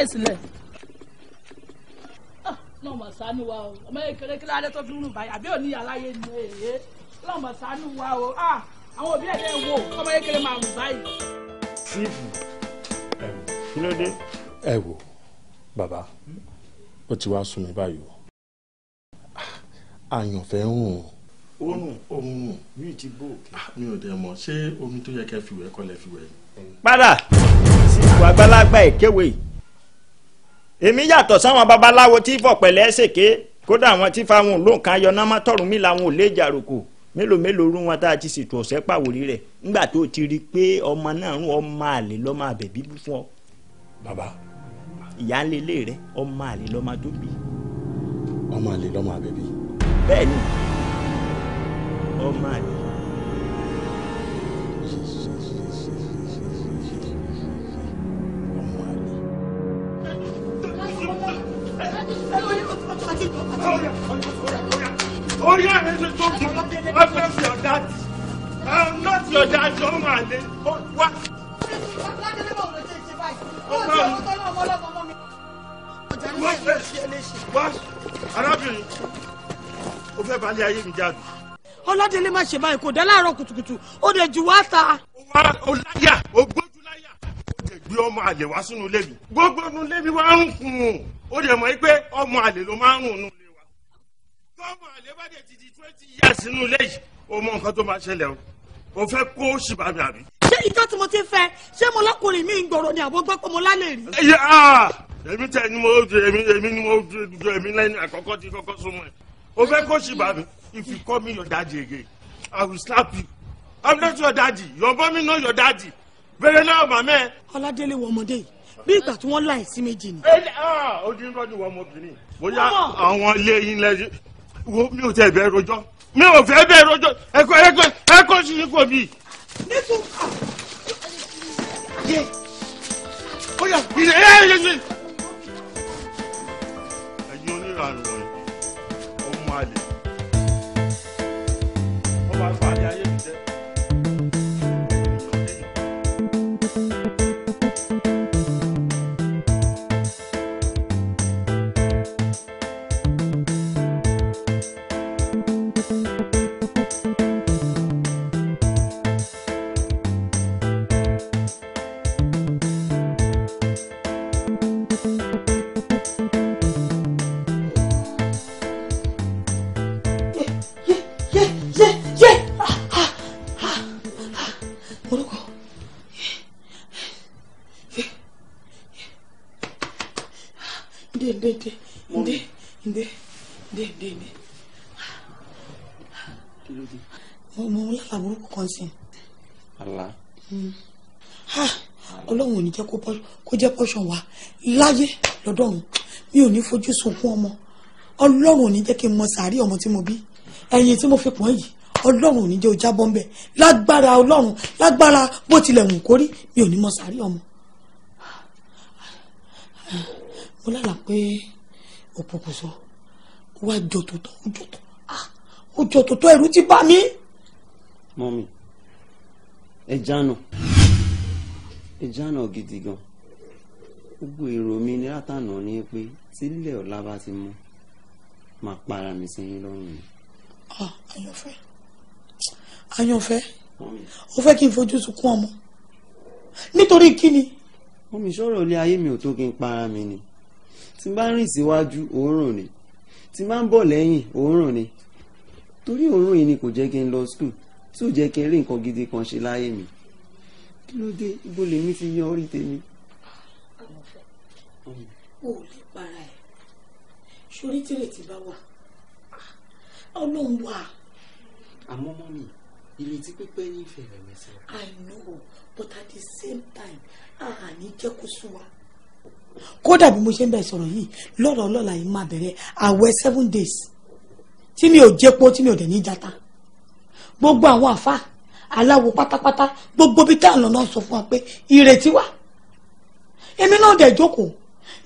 láì sílẹ̀. náà mọ̀ sánú wa o ọmọ kékeré kí ládé tó fi ń rùn báyìí àbí òní aláyé ni èyí náà mọ̀ sánú wa o ah, àwọn òbí ẹ̀ dẹ́ wo ọmọ kékeré máa rùn báyìí. sífù ẹ̀wò kí ló dé. ẹ wò bàbá ó ti wá sún mi báyìí o ah, àyànfẹ́ ń rùn o oorun oorun mi ti bò òkè. Ah, mi ò dẹ̀ mọ̀ ṣé omi tó yẹ kẹ́ fi wẹ̀ kọ́ fi wẹ̀. padà sí ìwà àgbàlagbà ìkéwèé èmi yàtọ̀ sáwọn babaláwo tí fọ̀pẹ̀lẹ́ ṣèké kódà àwọn tí fáwọn olóǹkan ayọ̀nàmọ́ tọ̀rùn mí làwọn ò lè jàròkò mélòó mélòó rú wọn tá a ti ṣètò ọ̀sẹ̀ pàwórí rẹ̀ nígbà tó ti rí i pé ọmọ náà ọ. délé má ṣe báyìí kò dá láàárọ̀ kùtùkùtù ó dẹ̀ jù wá ta. ó láyà ó gbójú láyà ó dẹ̀ gbé ọmọ àlè wá sínú ilé mi gbogbo inú ilé mi wá ń kùn ún ó dẹ̀ mọ̀ pé ọmọ àlè ló máa ń rùn nù ilé wa tọ́mọ àlè bá dẹ̀ ti di twenty years sínú ilé yìí ó mọ nǹkan tó máa ṣẹlẹ̀ o ó fẹ́ kó ṣìbá mi àbí. ṣé ìjọ tí mo ti fẹ́ ṣé mo lọ́kùnrin mi ń gbọ̀rọ̀ ni àbọ̀ gbọ́ èmi tẹ ni mo èmi ni mo èmi lẹ́nu àkọ́kọ́ ti kọ́kọ́ súnmọ́ ẹ ó fẹ́ kó ṣìbá mi. If you call me your daddy again, I will slap you. I'm not your daddy. Your mommy not your daddy. Bẹ̀rẹ̀ náà màmẹ́. Ọládélé wọ ọmọdé yìí bí ìgbà tí wọ́n láì sí méjì ni. Ah, ó dín lọ́dún wọ ọmọbìnrin. Bóyá àwọn ilé yín lẹ́yìn. Wo mi ò tẹ bẹ́ẹ̀ rojọ́. Mi ò fẹ́ bẹ́ẹ̀ rojọ́. Ẹ̀kọ́ ẹ̀kọ́ ẹ̀kọ́ sí ní kò bí. Nítorí ká. ọmọ àlè. ní jẹ́ kó jẹ́ pọ́ṣọ̀n wa láyé lọ́dọ̀run mi ò ní fojú sunkún ọmọ ọlọ́run ò ní jẹ́ kí n mọ sàárì ọmọ tí mo bí ẹ̀yìn tí mo fi pọ́n yìí ọlọ́run ò ní jẹ́ o jábọ́ ń bẹ̀ lágbára ọlọ́run lágbára bó tilẹ̀ wù kórí mi ò ní mọ sàárì ọmọ. mo lálàá pé òpópó sọ wá jọ tó tọ́ ojú tó ojú tó tọ́ ah, ẹ̀rù ti bá mi. mọ́mí ẹ jánu ìjánà gidi gan gbogbo èrò mi ní látànà ni pé tílẹ̀ ọ̀la bá ti mú máa para mi sí yín lọ́rùn ni. àyànfẹ́ ah, àyànfẹ́ ó fẹ́ kí n fojú sunkún ọmọ nítorí kí ni. wọ́n mi sọ̀rọ̀ ilé ayé mi ò tó kí n para mi ni tí n bá rìn síwájú òórùn ni tí n bá ń bọ̀ lẹ́yìn òórùn ni torí òórùn yìí ni kò jẹ́ kí n lọ skul tí ò jẹ́ kí n rí nǹkan gidi kan ṣe láyé mi kí ló dé ibo lèmi ti yan orí tèmi. o ò lè para ẹ̀ sórí tìrètí bá wà ọlọ́run wà. àmọ́ mọ́ mi ìrètí pípẹ́ ní ìfẹ́ rẹ̀ mẹ́sẹ̀. I know but at the same time àní jẹ́ kó sún wa. kódà bí mo ṣe ń bẹ̀ sọ̀rọ̀ yìí lọ́rọ̀ ọlọ́la yìí máa bẹ̀rẹ̀ àwẹ̀ seven days tí mi ò jẹ́pọ̀ tí mi ò dẹ̀ ní jata gbogbo àwọn àfáà aláwo pátápátá gbogbo bíi táwọn náà sọ fún wa pé ìrètí wà èmi náà dẹ̀ jókòó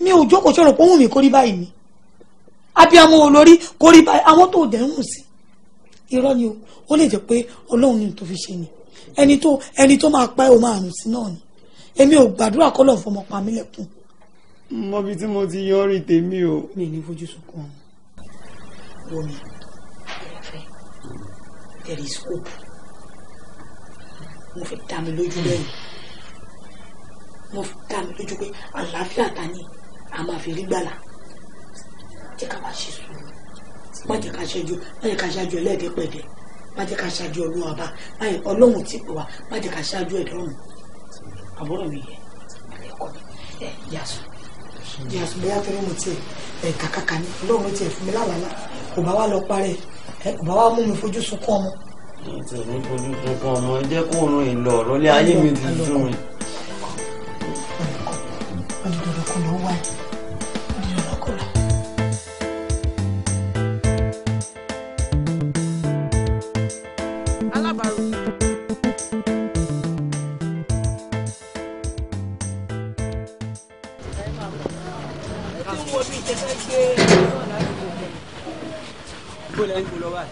mi ò jókòó sọ̀rọ̀ pé òun mi kórí báyìí ni abiyamọ olórí kórí báyìí àwọn tó dẹ̀ ń hùn sí irọ́ ni o ó lè jẹ́ pé ọlọ́run ni tó fi ṣe ni ẹni tó ẹni tó máa pẹ́ o máa rùn sí náà ni èmi ò gbàdúrà kọ́lọ̀ fọmọ pa mí lẹ́kùn. mo bi tí mo ti yọrí tèmi o. mi ní fojú sunkún ọ̀hún wọ́n mi ẹ̀fẹ́ mo fi dá mi lójú lẹ́yìn mo fi dá mi lójú pé àlàáfíà ta ni a máa fi rí gbàlà jẹ́ ká wá ṣe sùúrù má jẹ́ ká ṣẹ́jú má jẹ́ ká ṣáájú ẹlẹ́ẹ̀dẹ́gbẹ̀dẹ́ má jẹ́ ká ṣáájú olúwa bá má yẹ ọlọ́run ti pè wá má jẹ́ ká ṣáájú ẹ̀dọ́ ọ̀hún àbúrò mi yẹ ẹ̀ kọ́ mi ẹ̀ yasù yasù bóyá torí mo tiẹ̀ ẹ̀ kàkàkà ni ọlọ́run tiẹ̀ fún mi láwàlá kò bá wá lọ parẹ́ kò bá wá mú mi fojú sunkún ọmọ ètò nítorí kankan ọmọ ẹ jẹ́ kó ràn ìlọ ọ̀rọ̀ ayé mi ti dùn mí. olùdókòwò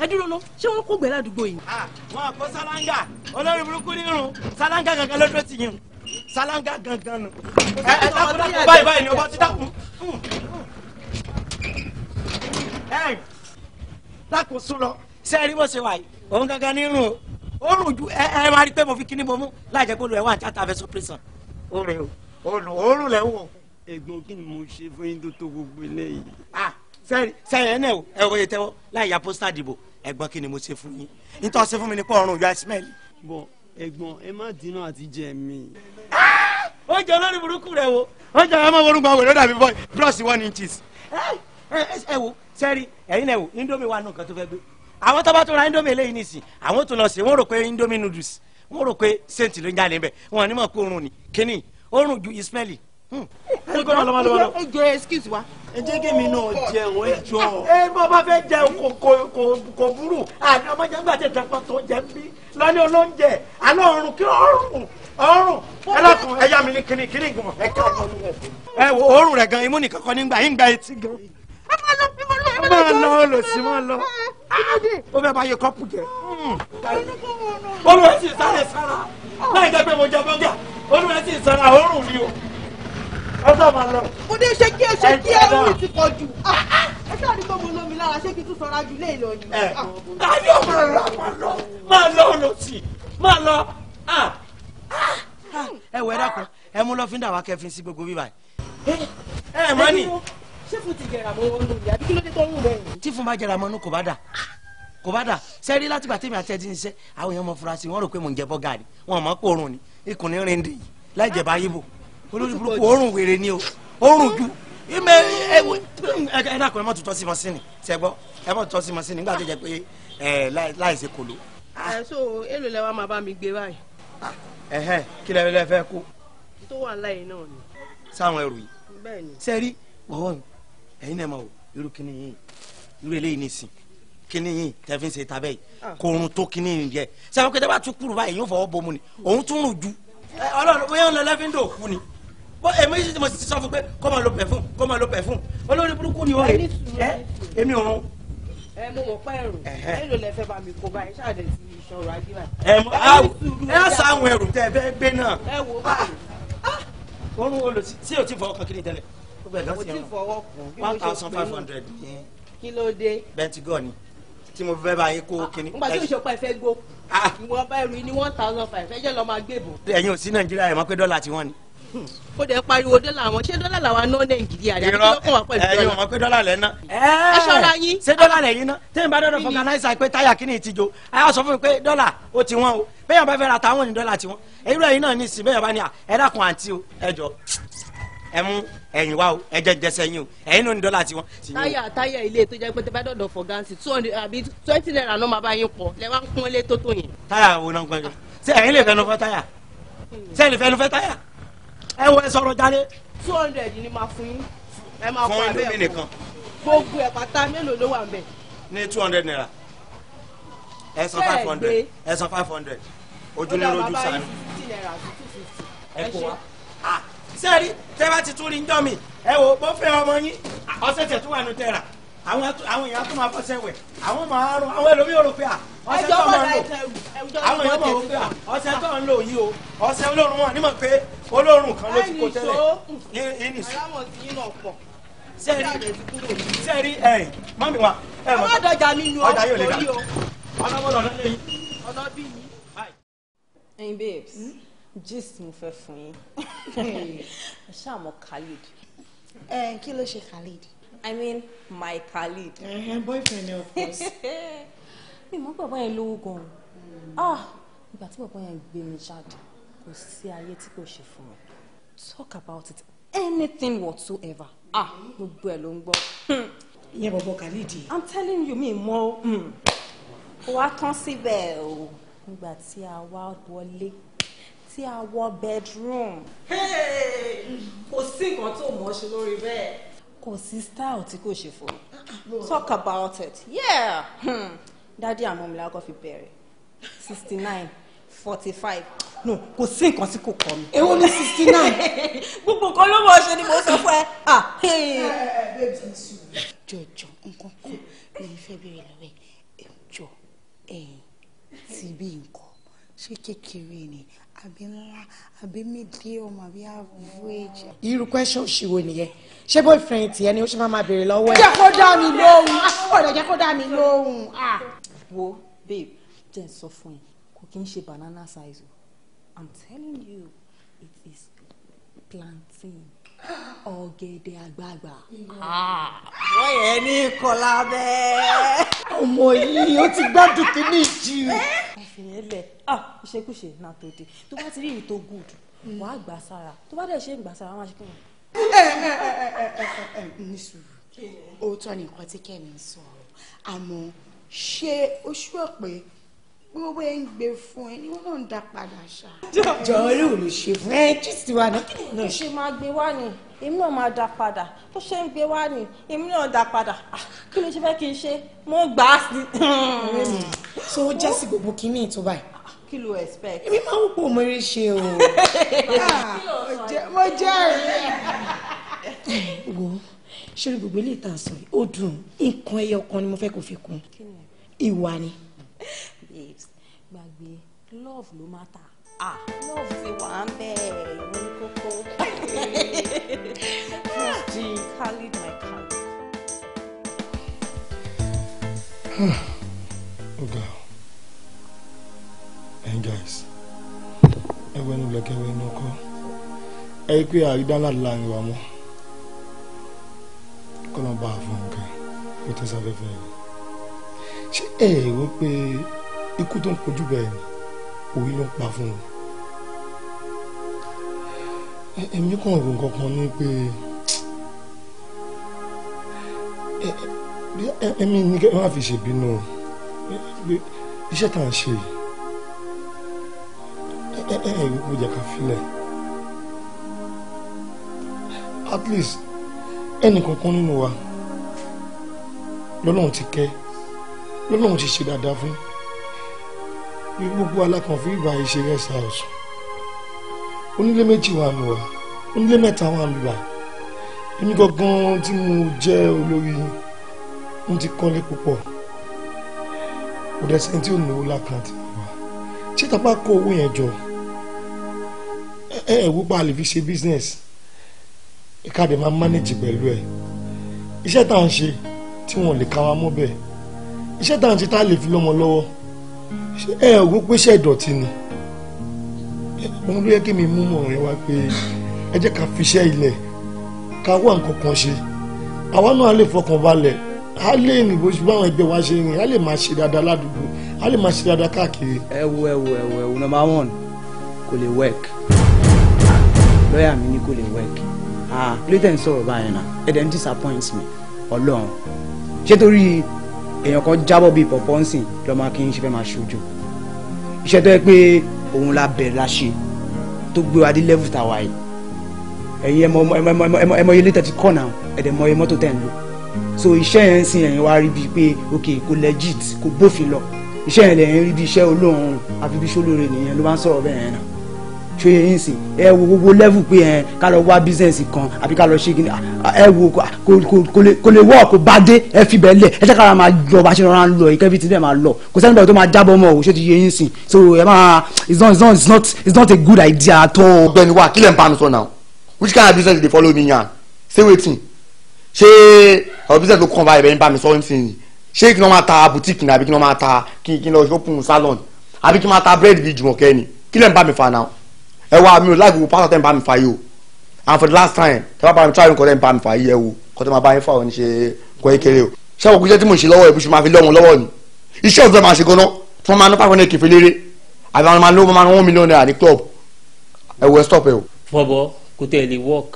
ẹ dúró lọ ṣé wọn kò gbẹ ládùúgbò yìí. Ah, wọn kó sálángà olórí burúkú nírun sálángà gangan ló dúró ti yín sálángà gangan nù. ẹ ẹ dákun báyìí báyìí ni ọba ti dákun. ẹ hmm, hmm. dákun sún lọ ṣé ẹ rí bó ṣe wà yìí òun gangan nírun o ó rùn ju ẹ ẹ máa rí pé mo fi kíní mo mú láìjẹ́ pé olùwẹ̀ wà ní tíátà fẹsọ̀ pírẹsàn. ó rè o òórùn lẹ́ wò. ẹ̀gbọ́n kí ni mo ṣe fún yín tó tó gbogbo eléyìí. sẹ́yìn ah, ẹ̀ náà ẹ̀ wọ́n yẹ tẹ́wọ́ láì ya pósítà dìbò ẹ̀gbọ́n kí ni mo ṣe fún yín nítorí ṣe fún mi ni pé ọrùn yóò àṣìmẹ́lì. bọ ẹ̀gbọ́n ẹ má dínà àti jẹ mi. ó jẹ olórí burúkú rẹ wo ó jẹ àwọn ọmọ orúkọ àwòrán dàbí bọ bros one inches. ẹ wo sẹ́rí ẹ̀yin náà wo indomie wa nù kan tó fẹ́ gbé àwọn tó tó ra indomie eléyìí nìsín àwọn tó lọ sí wọn rò pé indomie noodles wọn rò pé saint ló ń jáde bẹ wọn ní mọ̀ pé oorun ni kínní oorun ju ismaili Hmm. ẹ gbọ́dọ̀ lọ́mọ lọ́mọ. ẹ jọ excuse wa. ẹ jẹ́ kí mi náà jẹun ẹ jọ. ẹ bọ́ bá fẹ́ jẹun kò burú àní ọmọ jẹ́ nígbà tí ìjà pa tó jẹ ń bí lọ́ní olóúnjẹ àná ọrùn kí ọrùn ọrùn ẹ lọkùn ẹ yá mi ní kíní kíní ìgbìmọ̀ ẹ ká ọmọ mi rẹ. ẹ wo òórùn rẹ gan imú nìkan kan nígbà yín gba etí gan. máa lọ olùsí máa lọ ah! ó fẹ́ bá yẹ kọ́pù jẹ. Hmm. olùwẹ̀ sáré sára láì jẹ́ pé mo jẹ bọ́gà olùwẹ̀ sára òórùn ni o ọsọ ma lọ. mo dé ṣe kí ẹ ṣe kí ẹ rúurú ti pọ̀ jù. Ah, ah. ẹ ṣáà ní gbogbo olómi lára ṣé kí tún sọra jù lé ìlọ yìí. ẹ ayé ọmọ rẹ máa lọ máa lọ lọ sí i máa lọ. Ah, ẹ wẹ dákun ẹ mú lọ́fíńdà wá kẹfìn sí gbogbo bíbá yìí. Eh, ẹ mọ ni. ṣé fún ti jẹrà mọ wọn lórí àbí kí ló dé tó ń wù bẹ́ẹ̀. tí fún bá jẹrà mọ inú kò bá dà kò bá dà sẹ́rí látìgbà tèmi àti ẹ̀ ti ń ṣe àwọn èèyàn mọ furasí wọ́n rò pé mò ń jẹ bọ́gà ni wọ́n mọ̀ pòrùn ni ikùn ní rìndìn yìí láì jẹ̀ bá yíbò olórí burúkú oorun wèrè ni o oorun ju ime ẹwẹ ẹ dàkọ ẹ má tutọ́ sí ma sí ni ṣe gbọ́ ẹ má tutọ́ sí ma sí ni nígbà tó jẹ pé ẹ láì ṣe kolo. àìsó èlò lẹ wa máa bá mi gbé báyìí. Ah, ẹhẹ kí lẹ lẹ fẹ kó. tó wà láyé náà ni. sáwọn ẹrù yìí. bẹ́ẹ̀ni. sẹẹri wọwọ mi ẹyin náà máa wò irú kíní yìí irú eléyìí nìsín kíní yìí tẹfín ṣe tabẹ yìí ah. kòrun tó kíní yìí jẹ sáwọn kẹtẹ bá tún kúrú báyìí yóò fọwọ́ bomu ni òun tún rùn ju ọlọ́run bóyá ń lọ lẹ́fíńdò kú ni bó èmi yìí ti mo ti sọ fún pé kó máa lo pẹ̀fún kó máa lo pẹ̀fún olórí burúkú ni ó rè é èmi òun. ẹ mo mọ pẹ́ ẹrù èlò lẹ fẹ́ bá mi kó báyìí ṣáàdẹ̀ sí ìṣọ̀rọ̀ ajé wa. ẹ á sọ àwọn ẹrù tẹ ẹ fẹ́ gbé náà. ẹ wo báyìí. orun olùsí tí o ti fọwọ́ kan kí ni tẹ́lẹ̀. mo ti fọwọ́ kù bí mo ṣe pé one thousand five hundred kí ló dé. bẹntigọ ni tí mo fẹ́ bá yín kó kíní. nígbà tí òṣèpá ìfẹ́ gbó ah. ìwọ̀nba ẹrù ni one thousand five ẹjẹ́ lọ́ọ́ máa gbé bò. ẹ̀yin ò sí nàìjíríà ẹ̀ mọ̀ pé dọ́là tiwọn ni ó dẹ̀ pariwo dọ́là wọn ṣé dọ́là làwa ná nàìjíríà rẹ̀ àti wa pẹ̀lú dọ́là. ẹ̀yin ọmọ pé dọ́là lẹ ná. ẹ ṣọ́ra yín. ṣé dọ́là lẹ yín ná tẹ́yìn bá dọ́dọ̀ fọkànáìsà pé táyà kíní ti jo àyà sọ fún mi pé dọ́là ó ti wọ́n o bẹ́ẹ̀ fẹ́ ra táwọn ní dọ́là ti wọ́n irú náà ní ìsìn bẹ́ẹ̀ bá ní à ẹ dákun àǹtí o ẹ jọ ẹ mú ẹ̀yin wa o ẹ jẹ jẹsẹ yín o ẹ̀yin náà ní dọ́là tiwọn. táyà táyà ilé tó jẹ́ pé tẹ́ bá dọ̀dọ̀ fọ̀gánsì two hundred àbí twenty naira náà máa bá yín pọ̀ lẹ́wọ̀n kún ilé tó tó yẹn. táyà wo náà ń gbẹ́jọ ṣé lè fẹnu fẹ́ táyà ṣé lè fẹnu fẹ́ táyà ẹ wọ ẹ sọ̀rọ̀ jáde. two hundred ni máa fún yín ẹ máa fún abẹ́ ẹ̀ kan gbogbo ẹ̀ pátá mélòó ló wà ń bẹ̀. ní two hundred naira ẹ san five hundred ẹ san five hundred ojúlélójú sanu ẹ kó wa sẹ́ẹ̀rí ah, tẹ́ bá ti tún rí ń jọ́ mi ẹ wò ó bó fẹ́ ọmọ yín ọ̀sẹ̀ tẹ̀ tún wà nù tẹ̀ rà àwọn àwọn èèyàn tó máa fọṣẹ wẹ̀ àwọn máa rọ àwọn ẹlòmíràn rò pé à ah, ọṣẹ tó máa lò àwọn èèyàn máa rò pé à ah, ọṣẹ tó ń lò yìí o ọṣẹ olóòórùn wọn nímọ̀ pé olóòórùn kan ló ti kó tẹ́lẹ̀ ìnìṣó sẹ́ẹ̀rí sẹ́ẹ̀rí ẹ̀ mọ́mí wa ẹ̀ mọ́ ọ̀dọ̀jà mi nu ọjà yóò lè ga ọlọ́wọ́lọ́ lẹ́yìn ọlọ́bí yìí. ẹyin babes gist mo fẹ́ fún yín hmm. ṣáà mọ̀ Khalid. ẹ kí ló ṣe Khalid. I mean my Khalid. uh boyfriend of course. mi mọ bàbá yẹn lówó gan ah ìgbà tí bàbá yẹn gbé mi jáde kò sí ayé tí kò ṣe fún mi talk about it anything whatsoever ah gbogbo ẹ ló ń gbọ́. Hmm. ìyẹn bọ̀bọ̀ Khalid. i'm telling you mi mọ hmm. wa tán síbẹ̀ o. nígbà tí a wá wọlé tí a wọ bedroom. kò sí nǹkan tó mọ̀ ṣe lórí bẹ́ẹ̀ kò sí style tí kò ṣe fún mi talk about it yeah hmm. dádì àmọ́ mi lágọ́ fi bẹ̀rẹ̀ sixty nine forty five no kò sí nǹkan tí kò kọ mi. èwo ni sixty nine. gbogbo nǹkan ló mọ̀ ṣe ni mo sọ fún ẹ. Ah, eh, eh, eh, jọjọ nǹkan kan lèyìn fẹ́ bẹ̀rẹ̀ lọ́wọ́ ẹ jọ ẹ̀yìn tìbí nǹkan ṣé kékeré ni àbí ńlá àbí medium àbí average. irú question òṣìwò nìyẹn ṣé boyfriend tiẹ̀ ni ó ṣe máa máa béèrè lọ́wọ́ ẹ̀. jẹ́ kó dá mi lóhùn ọ̀dọ̀ ah, jẹ́ kó dá mi lóhùn. Ah. wo babe jẹ́ n sọ fún ẹ kò kí n ṣe banana size o i'm telling you it is plantain ọ̀gẹ̀dẹ̀ àgbagbà. Ah. wọ́n yẹ ní kọlá bẹ́ẹ̀. ọmọ yìí ó ti gbádùn kínní jù. ìfìyẹ́ lẹ̀ ah, ìṣekúṣe náà tó dé tó bá ti rí èyí tó gùd wàá gbà sára tó bá dẹ̀ ṣe ń gbà sára wọ́n á ṣe kí wọ́n. ní sùúrù òótọ́ ni nǹkan tí kẹ́mi ń sọ àmọ́ ṣé ó ṣúọ̀ pé pé ẹ ń gbé fún ẹ ni wọn náà ń dá padà ṣá. jọ olùṣe fún ẹ jíìsì wa náà kí náà. ṣe máa gbé wá ni èmi náà máa dá padà tó ṣe ń gbé wá ni èmi náà dá padà ah, kí ló ṣe fẹ́ kí n ṣe mo gbà á sí. Hmm. so ó jásí gbogbo kínní tó báyìí ah, ah, kí ló expect. èmi máa ń pò mo rí ṣe o. mo jẹ́ ẹ̀rí. wo ṣé gbogbo ilé ìta sọ ó dùn nǹkan ẹyọ kan ni mo fẹ́ kó fi kún ìwà ni babes gbàgbé love ló má ta ah love ti wà ń bẹ ìwé kókó mufti Khalid my Khalid. ọ̀gá ẹ̀yin guys ẹ wẹ́nu lẹ́kẹ́ wẹ́nu ọkọ́ ẹ rí pé àrídánlá láàrin wa mọ́ kọ́nà bá a fún nǹkan ó tẹ̀sán fẹ́fẹ́ rẹ̀ ṣé ẹ rò pé ikú tó ń kojú bẹ́ẹ̀ ni orí ló ń pa fún un èmi kàn rò nǹkan kan ní pé èmi ní kẹ́ má fi ṣèbínú iṣẹ́ tá à ń ṣe yìí ẹ̀ẹ́dẹ́gbẹ̀rún kò jẹ́ ká at least ẹnì kankan nínú wa lọ́lọ́run ti kẹ́ lọ́lọ́run ti ṣe dáadáa fún un ní gbogbo alákànfin ìgbà ìṣe rest house onílé méjì wà lù wá onílé mẹ́ta wà lù wá èmi gangan tí mo jẹ́ olórí mo ti kọ́lé púpọ̀ kò dẹ̀ sẹ́ni tí ò náwó lákàntì wà ṣé tapá kó owó yẹn jọ ẹ ẹ wípé a lè fi ṣe business ìkàdé máa manage pẹ̀lú ẹ̀ iṣẹ́ tá à ń ṣe tí wọ́n lè ká wa mọ́ bẹ́ẹ̀ iṣẹ́ tá à ń ṣe tá a lè fi lọ́mọ lọ́wọ́ ṣé ẹ ògún pèsè ìdọ̀tí ni òun ló yẹ kí mi mú mọ̀ rẹ wá pé ẹ jẹ́ ká fiṣẹ́ ilẹ̀ ká wá nǹkan kan ṣe àwa náà lè fọkàn balẹ̀ a lè ní bó ṣe báwọn ẹgbẹ́ wa ṣe rìn a lè máa ṣe dáadáa ládùúgbò a lè máa ṣe dáadáa káàkiri. ẹ wo ẹ wo ẹ wo ẹ wo number one kò lè work lọ́ọ̀yà mi ni kò lè work ah later n sọ̀rọ̀ báyìí na ẹ̀ dẹ̀ ń disappoint me ọlọ́run ṣé torí èèyàn kan jábọ̀ bíi pọ̀pọ́ ń sìn lọ́mọ kí n ṣe fẹ́ máa ṣojú iṣẹ́ tó yẹ pé òun la bẹ̀rẹ̀ la ṣe tó gbé wa dé level tàwa yìí ẹ̀yin ẹmọ ẹmọ ẹmọ ilé tẹ̀ ti kọ̀ náà ẹ̀dẹ̀ mọ mọ́tò tẹ̀ ń lò so iṣẹ́ yẹn ń sin ẹ̀yin wá rí bíi pé ok kò legit kò bófin lọ iṣẹ́ yẹn lẹ̀yìn rí bíi iṣẹ́ olóòórùn àfi bíi iṣẹ́ olóore nìyẹn ló bá ń sọ̀rọ̀ bẹ́ẹ̀ yẹn náà ṣe é ń sìn ẹ wo gbogbo level pé ẹ ká lọ wá business kan àbí ká lọ ṣe kí ẹ wo kò lè wọ́ kò bá dé ẹ fi bẹ́ẹ̀ lẹ̀ ẹ jẹ́ kára máa lọ bá ṣe rọra ń lọ ìkẹ́fì tí bẹ́ẹ̀ máa lọ kò sẹ́ni bẹ́ẹ̀ tó máa jábọ̀ mọ́ o ṣé ti ṣe é ń sìn so ẹ máa it's not it's not it's not it's not a good idea at all. ọ̀gbẹ́ni wa kílẹ̀ ń bá mi sọ now which kind of business you dey follow me yan say wetin ṣé ọ̀rọ̀ business ló kàn báyìí bẹ́ẹ̀ ń bá mi sọ ǹsìn ṣé kí n máa ta boutique ni àbí kí n máa ta kí n lọ open salon àbí kí n máa ta bread bíi jùmọ̀kẹ́ ni kílẹ̀ ń bá mi fa now ẹ wá mi ò láì gbogbo pásítọ̀ tẹ́ ń bá mi fà yìí o and for the last time tẹ́ bá bá mi try nǹkan tẹ́ ń bá mi fà yìí ẹ wo kọ́ tẹ́ máa bá yín fà ọ́ ní ṣe kọ́ ékeré o ṣé àwọn kúṣẹ́ tí mò ń ṣe lọ́wọ́ ìbùsùn máa fi lọ́wọ́ lọ́wọ́ ni iṣẹ́ òfin máa ṣe gan-an tí wọ́n máa ń pàṣẹ ní kẹfẹ́ léré àbí àwọn máa ń lówó máa ń wọ́n mílíọ̀nù náírà ní club ẹ wo ẹ stop ẹ o. bọ̀bọ̀ kò tẹ̀lé work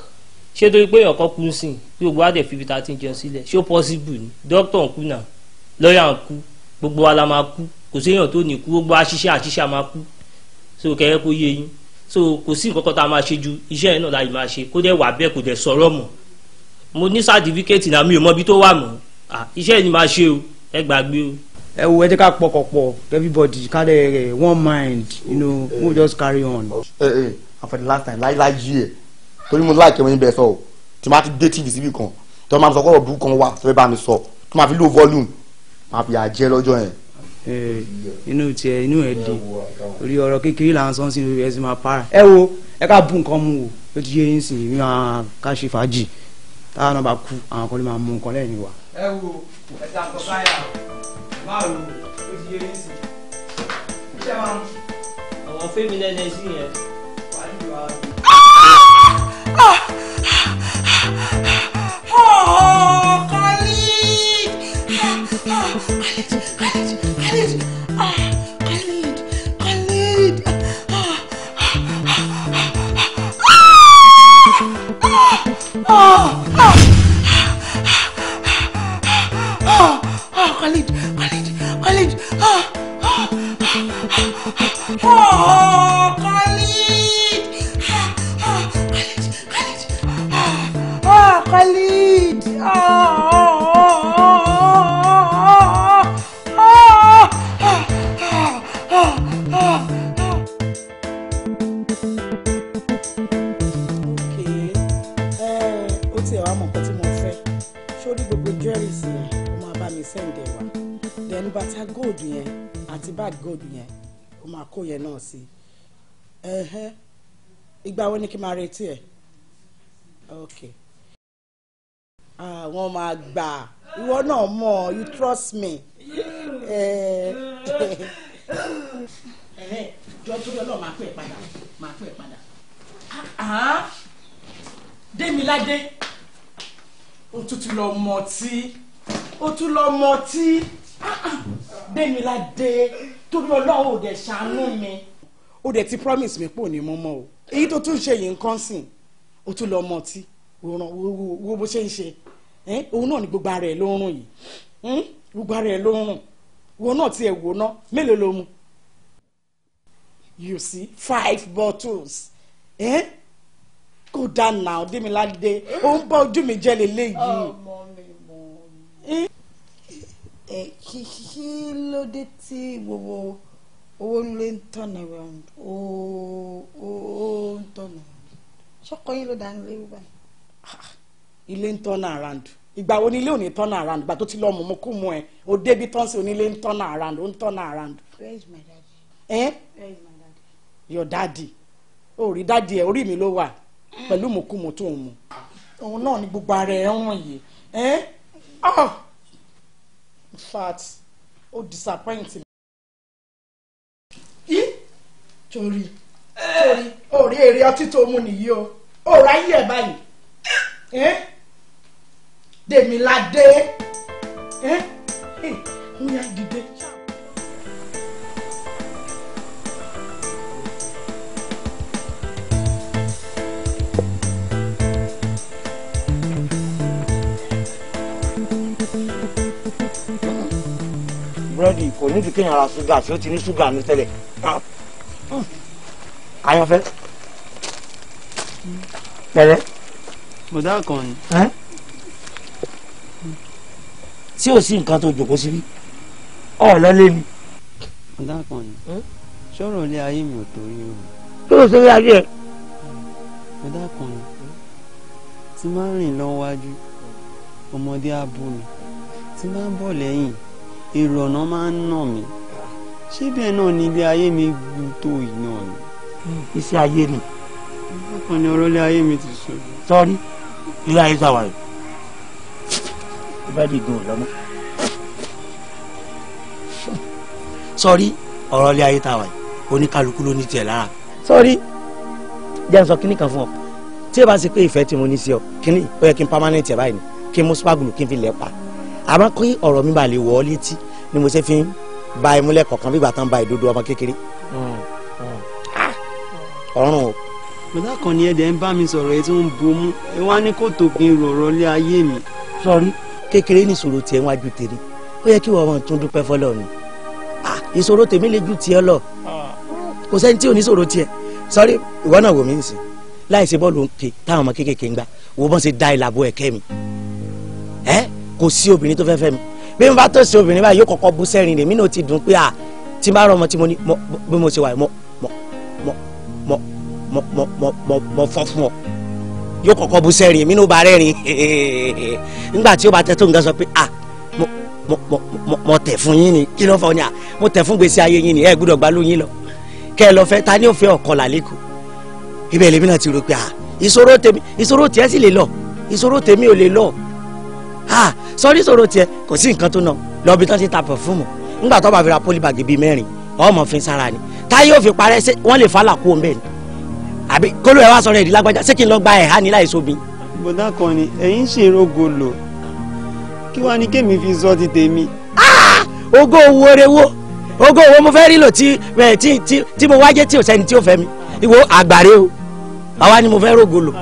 ṣé torí pé ọkọ kú sí i gbogbo adẹ fi ibi tá a ti ń jẹun sílẹ̀ ṣé ó possible ni dókítà ń kú náà lọ́ọ̀yà ń kú gbogbo wa la máa kú kò séèyàn tó ní kú gbogbo aṣiṣẹ́ àṣiṣẹ́ máa kú so kẹ́yẹ́ kó yé yín so kò sí nǹkan kan tá a máa ṣe ju iṣẹ́ yẹn náà láì máa ṣe kó dẹ̀ wà bẹ́ẹ̀ kò dẹ̀ sọ̀rọ̀ mọ́ mo ní sátifíkẹ́ẹ̀tì náà mi ò mọbi tó wà mọ́ iṣẹ́ yẹn ni máa ṣe o ẹ gbàgbé o. ẹ wo ẹ jẹ́ ká pọkànpọ̀ everybody ká lè rẹ̀ one mind you know we we'll just carry on. ẹ ẹ for the last time láyé láyé yìí ẹ torí mo láìpẹ́ mo ní bẹ́ẹ̀ sọ o tí mo bá ti dé tv síbi kan tí wọ́n máa sọ kọ́rọ̀ dúró kan wà tó fẹ́ bá mi sọ tó máa fi low volume máa fi àjẹ́ lọ́jọ́ yẹn inú tiẹ̀ inú ẹ̀ di orí ọ̀rọ̀ kékeré là ń sọ sí ẹ sì máa para ẹ wo ẹ ká bù nǹkan mu o ó ti yé yín sìn mí máa ká ṣe fàájì táwọn náà bá kú àwọn kan ló máa mú nǹkan lẹ́yìn wa. ẹ wo ẹ ta kọ káyà máa wo ó ti yé yín sìn ṣé máa mú. àwọn fẹ́mi lẹ́nu sí yẹn wàá ní wàá. Oh, Khalid! Oh, oh, oh, oh, oh, Khalid, Khalid, Khalid. Ah, ah, ah, oh. fàyàn sí ẹ̀hẹ́ ìgbà wo ni kí n máa retí ẹ̀ ok àwọn máa gbà ìwọ náà mọ̀ you trust me. ẹ̀hẹ́ jọ torí ọlọ́ọ̀ máa pẹ́ padà máa pẹ́ padà Démiládé ó tún ti lọ mọ̀ tí ó tún lọ mọ̀ tí bẹ́ẹ̀ni la dé torí ọlọ́run ò dẹ̀ ṣàánú mi ó dẹ̀ ti promise mi pò ní mọ́ o èyí tó tún ṣe yìí nǹkan sìn ó tún lọ ọmọ ọtí wo bó ṣe ń ṣe òun náà ni gbogbo ara ẹ̀ ló ń rùn yìí gbogbo ara ẹ̀ ló ń rùn wo náà tiẹ̀ wò ná mélòó ló mu you see five bottles eh? go down now Demilade ó ń bá ojú mi jẹ́ lélẹ́yìí. ọmọ kí ló dé tí gbogbo owó nílé ń turn around ó ó ń turn ṣọkọ yín ló dá nílé wíwá ilé ń turn around ìgbà wo ni ilé ò ní turn around ìgbà tó ti lọ mú mú kú mú ẹ o débi tán sí onílé ń turn around ó ń turn around. where is my daddy. Eh? where your daddy o rí daddy ẹ orí mi ló wà pẹ̀lú mùkúmù tó ń mu òun náà ni gbogbo ara ẹ̀ ń rùn yìí. Ah! in fact ó Oh, mi. yí torí torí òrí èrè ọtí tó mú nìyí o òòrùn ayé ẹ̀ báyìí dèmi la dé ń yá dìde. bíi kò níbi kéèyàn ra ṣúgà tí ó ti ní ṣúgà ní tẹ́lẹ̀ hmm. àyànfẹ́ pẹ̀lẹ́. bùdá kan ni. tí ò sí nǹkan tó jòkó síbí ọ̀ọ́lọ́ lé mi. bùdá kan ni sọ̀rọ̀ hmm? ilé ayé mi ò torí o. kí ló sọ́rí ayé ẹ̀. bùdá kan ni tí máa ń rìn lọ́wọ́ wájú ọmọdé á bú mi tí máa ń bọ̀ lẹ́yìn èrò ọ̀nà máa ń nà mí ṣé bẹ́ẹ̀ náà ni ilé ayé mi gbu tó ìnà ni. iṣẹ́ ayé ni. ọkàn ni ọ̀rọ̀ ilé ayé mi ti sọ. sọrí ilé ayé sáwà yìí ìbá dìgbò lọ́mọ. sọrí ọ̀rọ̀ ilé ayé táwa yìí oníkálukú ló ní tiẹ̀ lára. sọrí jẹ́ n sọ kínní kan fún ọ tí ẹ bá ṣe pé ìfẹ́ tí mo ní sí ọ kínní ó yẹ kí n pámánẹ́ǹtì ẹ̀ báyìí ni kí n mú sípàgùlù kí n fi lẹ̀ pa àmọ́ kí ọ̀rọ̀ mi bá lè wọ́ ọ létí ni mo ṣe fi ń ba ìmúlẹ̀ kọ̀ọ̀kan bí ìgbà tán ba ìdodo ọmọ kékeré ah, ọ̀run o. bùdá kan ni ẹ̀dẹ̀ ń bá mi sọ̀rọ̀ èyí tó ń bomú ẹ wá ní kó tó kí lé ayé mi. sọrí kékeré ní ìṣòro tiẹ̀ ń wájú tèrè ó yẹ kí wọ́n mọ̀ tún dúpẹ́ fọlọ́ ni ah, ìṣòro tèmi lè ju tiẹ̀ lọ kò sẹ́ni tí ò ní ṣòro tiẹ̀ sọrí ìwọ náà wò mí nìsín láìsí bọ́ọ̀lù òkè táwọn ọmọ kékèké ń gbá wo bọ́n ṣe da ìlàbọ̀ ẹ̀kẹ́ mi ẹ́ kò sí obìnrin tó fẹ́ fẹ́ mi bí mo bá tó sí obìnrin báyìí yóò kọ́kọ́ bú sẹ́rin rèmi náà ti dùn pé à tí n bá rọ ọmọ tí mo ní bí mo ṣe wà mọ mọ mọ mọ mọ mọ mọ mọ mọ fọ fún ọ yóò kọ́kọ́ bú sẹ́rin èmi náà bá rẹ́rìn nígbà tí ó bá tẹ tó nǹkan sọ pé à mo mo mo mo tẹ̀ fún yín ni kí ló fọ ni à mo tẹ̀ fún gbèsè ayé yín ni ẹ gbọ́dọ̀ gbà lóyún yín lọ kẹ́ ẹ lọ fẹ́ ta ni ó fẹ́ ọ̀kọ́ làlékò ibẹ̀ lèmi náà ti rò pé à ìṣòro tèmi ìṣòro tiẹ̀ sì lè lọ ìṣòro tèmi ò lè lọ ah sọrí sọ̀rọ̀ tiẹ̀ kò sí nǹkan tó nà lọ́bi tán ti ta pẹ̀fúmù ńgbà tó bá fi ra pólíbàgì bíi mẹ́rin ọmọ fi sára ni táyé òfin parẹ́ ṣé wọ́n lè fàlà kú omi ẹ̀ ni àbí kólú ẹ̀ wá sọ̀rọ̀ èdè lágbájá ṣé kí n lọ gba ẹ̀há ní láì sóbi. bọ̀dá kan ni ẹ̀yin ṣe rogo lò kí wàá ní kémi fi sọ ti tèmi. Ah! ogó owó rewó ogó owó mo fẹ́ rí lò tí eh, tí tí mo wájé tí o sẹ́ni tí ò fẹ́ mi ìwọ àgbàre o àwa ni mo fẹ́ rogo lò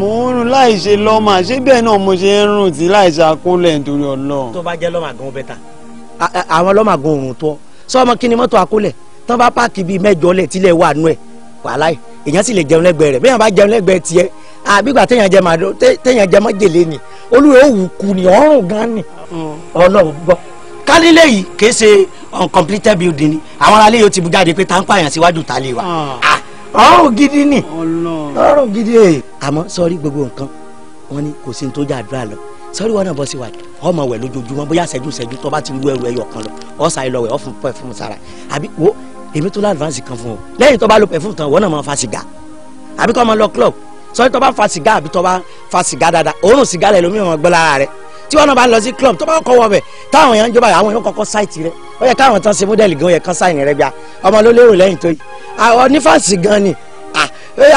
mò ń rún láìṣe lọ́mà ṣé bẹ́ẹ̀ náà mo ṣe ń rún tí láìṣe akólẹ̀ nítorí ọlọ́run. tó bá jẹ́ lọ́mà gan bẹ́tà. àwọn lọ́mà gan òrùn tọ́ sọ ọmọ kí ni mọ́tò akólẹ̀ tán bá páàkì bíi mẹ́jọ lẹ̀ tílẹ̀ wà nú ẹ̀ wàhálà yìí èèyàn sì lè jẹun lẹ́gbẹ̀ẹ́ rẹ̀ bẹ́ẹ̀ bá jẹun lẹ́gbẹ̀ẹ́ tiẹ̀ àbígbà téèyàn jẹ màdó téèyàn jẹ mọ́jèlé ni olúwe ó wù kù ni ọ̀rùn gan ni mm. ọlọ́run gbọ́ kálílẹ̀ yìí kìí ṣe uncompleted building ni àwọn aráalé yóò ti bu jáde pé tá ń pààyàn síwájú ta lè wa ah ọrùn gidi ni ọrùn gidi ẹ eh, àmọ́ sọrí gbogbo nǹkan wọn ni kò sí ní tó jẹ àdúrà lọ sọrí wọn náà bọ sí wa ọmọ wẹ lójoojúmọ́ bóyá ṣẹ́jú ṣẹ́jú tó bá ti wú ẹrù ẹyọ kan lọ ọsà ìlọ wẹ ọfun pẹfún sára àbí wo èmi tó láǹfààní kan fún o lẹ́yìn tó bá lo pẹfún tán wọn náà máa fa sìgá àbí kọ́ máa lọ club sọrí tó bá fa sìgá àbí tó bá fa sìgá dáadáa òórùn sìgá lẹ lómi wọn gbọ́ lára rẹ tí wọn náà bá lọ sí club tó bá kọ́ wọ bẹ̀ táwọn èèyàn jọba àwọn èèyàn kọ́kọ́ sáìtì rẹ ó yẹ káwọn tán ṣe mọ́dẹ̀lì gan ó yẹ kán sáyìn rẹ gbà ọmọ ló lérò lẹ́yìn tó yìí àwọn onífàǹsì gan ni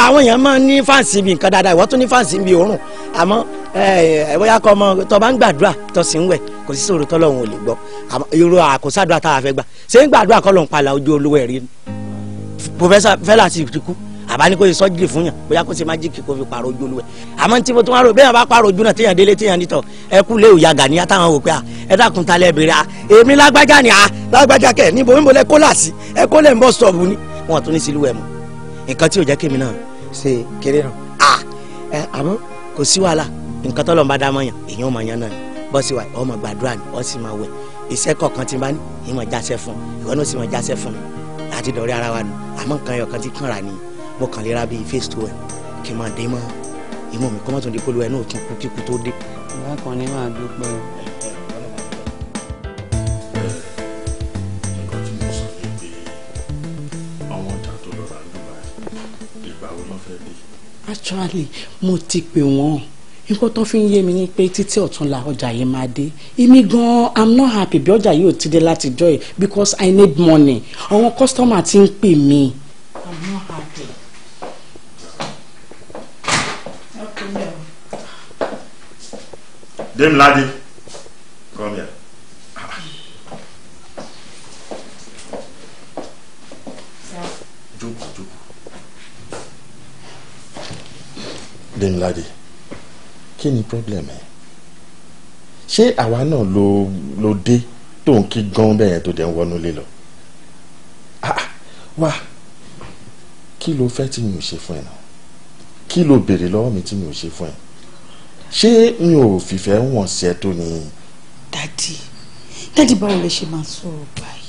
àwọn èèyàn máa ń ní fàǹsì bí nǹkan dáadáa ìwọ́n tún ní fàǹsì bí òórùn àmọ́ ẹ bóyá kọ́ ọmọ tó bá ń gbàdúrà tó sì ń wẹ̀ kò sí sòrò tọ́lọ́hún ò lè gbọ́ irú àkóṣàdúrà táwa fẹ́ gbà ṣé ń gbàdúrà kọ́ ló ń palà ojú olówó ni pòfẹ́sà fẹ́lá ti kú àbá ní kò ṣe sọ́jì fún yàn bóyá kò ṣe májíkì kò fi pààrọ̀ ojú olúwẹ̀ àmọ́ tí mo tún wá rò bẹ́ẹ̀ bá pààrọ̀ ojú náà téèyàn délé téèyàn nítọ̀ ẹ kú lé òòyà gà níyà táwọn wò pé à ẹ dákun ta lẹ bèrè à èmi lágbájá ni à lágbájá kẹ níbo níbo lẹ kólà sí ẹ kólẹ̀ ń bọ́ sọ̀bù ni wọn tún ní sílùú ẹ mọ̀ nǹkan tí ò jẹ́ kémi náà ṣe kéré ràn à ẹ àmọ́ kò sí wàhálà nǹkan tọ́lọ́ bá dámọ̀ yàn èèyàn mọ̀ yàn náà bọ́sì wa ọmọ gbàdúrà ni ọ sì máa wẹ̀ iṣẹ́ kọ̀ọ̀kan tí n bá ní ìmọ̀ jáṣẹ́ fún ìwọ náà sì mọ̀ jáṣẹ́ fún mi àti dọ̀rẹ́ ara wa nù àmọ́ nǹkan ẹyọ ti kànra nìyí mo kàn lè ra bíi ẹ kí n máa dé mọ́ imú mi kọ́ mọ́tò ní polówó ẹ náà tún kú kíkú tó dé. bákan ní máa dúpẹ́ actually mo ti pè wọ́n nǹkan tó fi ń yé mi ni pé títí ọ̀túnla ọjà yìí máa dé èmi gan-an i'm not happy bí ọjà yìí ò ti dé láti jọ́ yìí because i need money àwọn customer ti ń pè mí. Dame Ladi, come here. Jókòó, dem Dame Ladi, kí ni problem ẹ? Ṣé àwa náà lo lo de tó ń kí gan bẹ́ẹ̀ yẹn tó dẹ̀ ń wọnú lé lọ? Ah, ah, wá, kí ló fẹ́ tí mi ò ṣe fún ẹ náà? Kí ló béèrè lọ́wọ́ mi tí mi ò ṣe fún ẹ? ṣé mi ò fìfẹ́ wọn sí ẹ tó ni. dadi dadi báwo lè ṣe máa sọ̀rọ̀ báyìí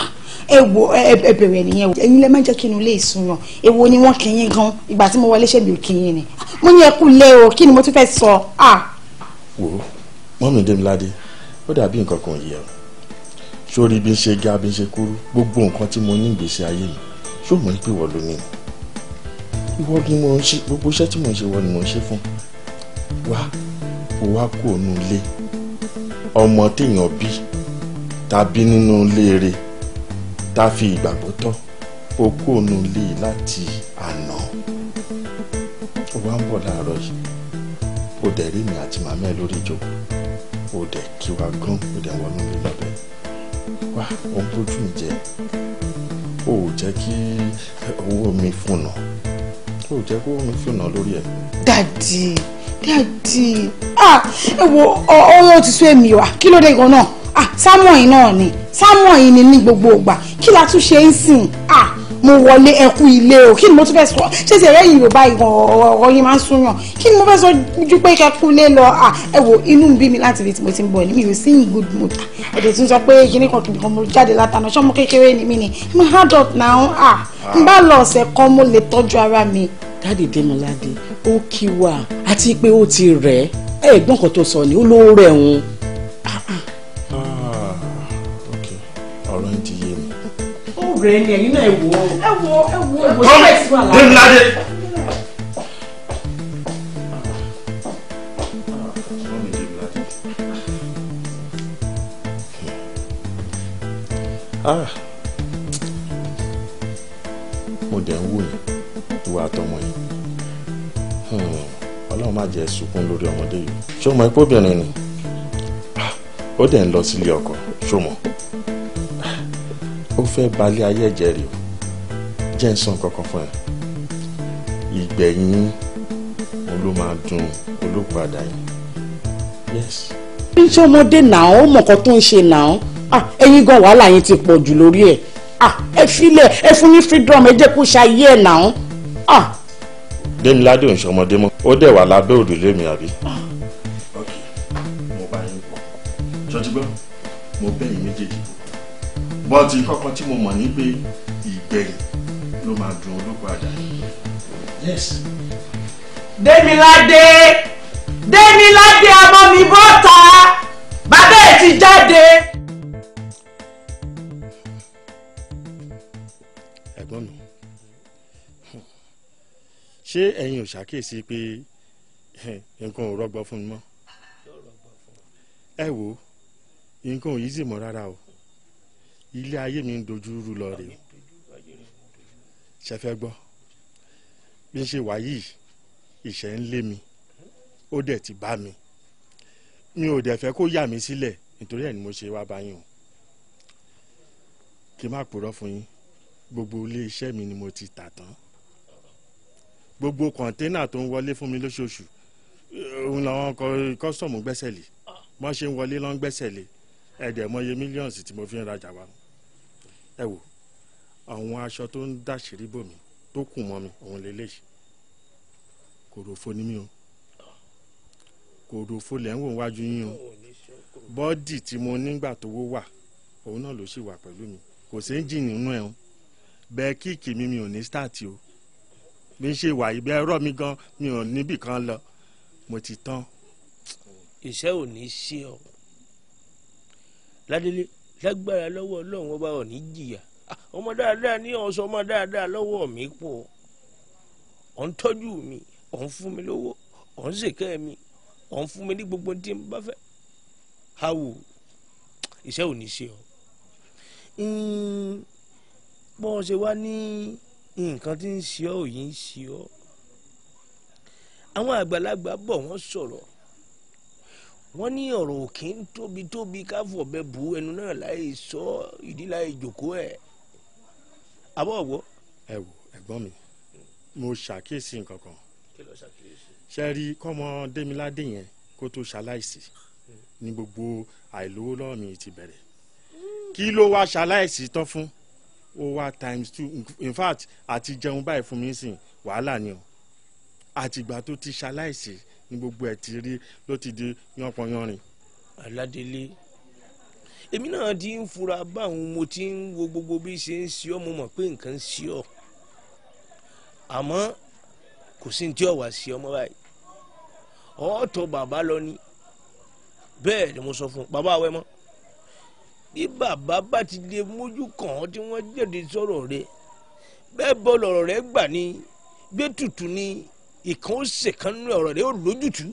ah, ẹ wo ẹ bẹ̀rẹ̀ nìyẹn o ẹ̀yin lẹ máa jẹ́ kí inú ilé ìsúnyàn èwo ni wọ́n kìyìn gan ìgbà tí mo wọlé ṣẹ́ mi ò kìyìn ni ah, mo ní ẹkú lé o kí ni mo tún fẹ́ sọ. Ah. wo mọ́mí Démiládé ó dàbí nǹkan kan yìí ẹ̀ sórí bí n ṣe ga bí n ṣe kúrú gbogbo nǹkan tí mo ní ìgbésí ayé mi ṣó mọ̀ ń pè wọ́n lónìí ìwọ ni mo ń ṣe gbogbo iṣẹ́ tí mo ń ṣe wọ́n ni mo ń ṣe fún wá ó wá kú ònú ilé ọmọ téèyàn bí ta bí nínú léere ta fi ìgbàgbọ́ tọ́ ó kú ònú ilé láti àná ó wá ń bọ̀ láàárọ̀ yìí ó dẹ̀ rí mi àti màmá ẹ̀ lórí ìjókòó ó dẹ̀ kí wa gán ó dẹ̀ wọnú ilé lọ́bẹ̀ wá ó ń bójú mi jẹ́ ó jẹ́ kí owó mi fúnà ó jẹ́ kó mi fúnà lórí ẹ̀. dadi dáàdì ah, ẹ wo ọ̀rọ̀ ti sún èmi wá kí ló dé gan náà ah, sámọ̀ yìí náà ni sámọ̀ yìí ni ní gbogbo ìgbà kí la tún ṣe ń sìn ah, mo wọlé ẹkú ilé o kí ni mo tún fẹ́ sọ ṣé ti ẹ̀rẹ́ yorùbá ìgbọ̀n ọ̀rọ̀ yìí máa ń súnyàn kí ni mo fẹ́ sọ ju pé kẹkú lé lọ ẹ wo inú ń bí mi láti fi tí ń bọ̀ ní mi ò sí good mood ẹ̀dẹ̀ tí ń sọ pé kíní kan kìí mo jáde látànà ṣọ́mọ kékeré ni mí ni i'm hard up now n bá lọ ọ̀sẹ̀ kan mo lè tọ́jú ara mi dáàdì Démiládé ó kí wa àti pé ó ti rẹ̀ ẹ́ ẹ̀gbọ́n kan tó sọ ni ó ló rẹ̀ òun. Ah, ọ̀rọ̀ ń ti yé mi. ó rẹ̀ ni ẹ̀yin náà ẹ wò ó ẹ wò ó ẹ wò ó ẹ wò ó ṣẹ́ẹ̀ sí wàhálà. Démiládé. Ah. mo dẹ̀ ń wò yín ìwà àtọmọ yìí hmm, ọlọ́run má jẹ́ sunkún lórí ọmọdé yìí ṣé o mọ̀ ni ah, ó dẹ̀ ń lọ sílé ọkọ ṣó ó fẹ́ balẹ̀ ayé ẹ̀jẹ̀ rè o jẹ́ ń sàn kankan fún ẹ ìgbẹ̀yìn ló máa dùn olùpadà yìí yes. ń ṣe náà ó mọ̀ tó ń ṣe náà ah, ẹ̀yin gan wàhálà yín ti pọ̀ jù lórí ẹ̀ ah, ẹ filẹ̀ ẹ fún ní freedom ẹ jẹ́ kó ṣayé ẹ̀ náà. Ah! Déládé ò ń ṣọmọdé mọ́ ó dẹ̀ wà lábẹ́ òrùlé mi àbí. Ah! ok mo bá yín pọ̀ ṣọtígbọ́n mo bẹ̀yìn méjèèjì bọ́ bọ́n ti kọ́kọ́ tí mo mọ̀ ní pé ìgbẹ̀yìn ló máa dùn olóko àdá yes. Démiládé Démiládé ọmọ mi bọ́ta bàbá ẹ̀ ti jáde. ṣé ẹ̀yin ò ṣàkíyèsí pé nǹkan ò rọgbọ fún mi mọ́ ẹ wò nǹkan ò yí sì mọ́ rárá o ilé ayé mi ń dojú rú lọ rèé ṣe fẹ́ gbọ́ bí n ṣe wà yìí ìṣẹ́ ń lé mi ó dẹ̀ ti bá mi mi ò dẹ̀ fẹ́ kó yà mí sílẹ̀ nítorí ẹ̀ ni mo ṣe wá bá yín o kí n má purọ́ fún yín gbogbo ilé iṣẹ́ mi ni mo ti tà tán gbogbo kọ̀ńténà tó ń wọlé fún mi lóṣooṣù òun làwọn kọ́sọ̀mù gbẹ́sẹ̀ lé wọ́n ṣe ń wọlé lọ́n gbẹ́sẹ̀ lé ẹ̀dẹ̀ mọ́ye mílíọ̀nù tí mo fi ń rajà wa ẹ wò àwọn aṣọ tó ń dàṣírí bò mí tó kù mọ́ mi òun lè léyìí kòròfo ni mí o kòròfo lẹ́ ń wò wájú yín o bọ́dì tí mo nígbà tówó wà òun náà ló ṣì wà pẹ̀lú mi kò sí ẹ́ńjìnì nínú ẹ̀ o bẹ́ẹ̀ kíìkì mi mi ò ní stáàtì o bí n ṣe wà ìbẹ́ ẹ̀rọ mi gan mi ò níbì kan lọ mo ti tán. iṣẹ́ ò ní ṣe ọ ládélé lágbára lọ́wọ́ ọlọ́run ọba ò ní jìyà ọmọ dáadáa ní ọ̀sán ọmọ dáadáa lọ́wọ́ mi pọ̀ ọ̀ ń tọ́jú mi ọ̀ ń fún mi lówó ọ̀ ń ṣèkẹ́ mi ọ̀ ń fún mi ní gbogbo tí n bá fẹ́ hawù iṣẹ́ ò ní ṣe ọ. bọ́n ṣe wá ní. Ni nǹkan tí ń ṣe ọ́ òyìn ń ṣe ọ́ àwọn àgbàlagbà bọ̀ wọ́n sọ̀rọ̀ wọ́n ní ọ̀rọ̀ òkè ń tóbi tóbi káfọ̀ bẹ́ẹ̀ bu ẹnu náà láì sọ ìdí láì jòkó ẹ̀ àbọ̀ ọ̀gbọ́. ẹ wò ẹ̀gbọ́n mi mo ṣàkíyèsí nǹkan kan ṣe rí kọ́mọ Démiládé yẹn kó tó ṣaláìsí hmm. ní gbogbo àìlówó lọ́ọ̀mì ti bẹ̀rẹ̀ kí ló wá ṣaláìsí tán fún over times two in fact àti jẹun báyìí fún mi sìn wàhálà ni o àtìgbà tó ti ṣaláìsí ní gbogbo ẹ̀ ti rí ló ti di yánpọnyánrin. aládélé èmi náà ti ń fura báwọn mo ti ń wo gbogbo bí ṣe ń ṣe ọ́ mo mọ̀ pé nǹkan ń ṣe ọ́ àmọ́ kò sí ní tí ọ̀ wá ṣe ọmọ báyìí ọ̀ọ́tọ̀ bàbá lọ ni bẹ́ẹ̀ ni mo sọ fún un bàbá àwẹ̀ mọ́ bí bàbá bá ti lè mójú kàn án tí wọ́n jẹ̀dẹ̀ sọ̀rọ̀ rẹ̀ bẹ́ẹ̀ bọ́ lọ̀rọ̀ rẹ̀ gbà ní gbé tutù ní ìkan ó ṣèkan nínú ọ̀rọ̀ rẹ̀ ó lójútù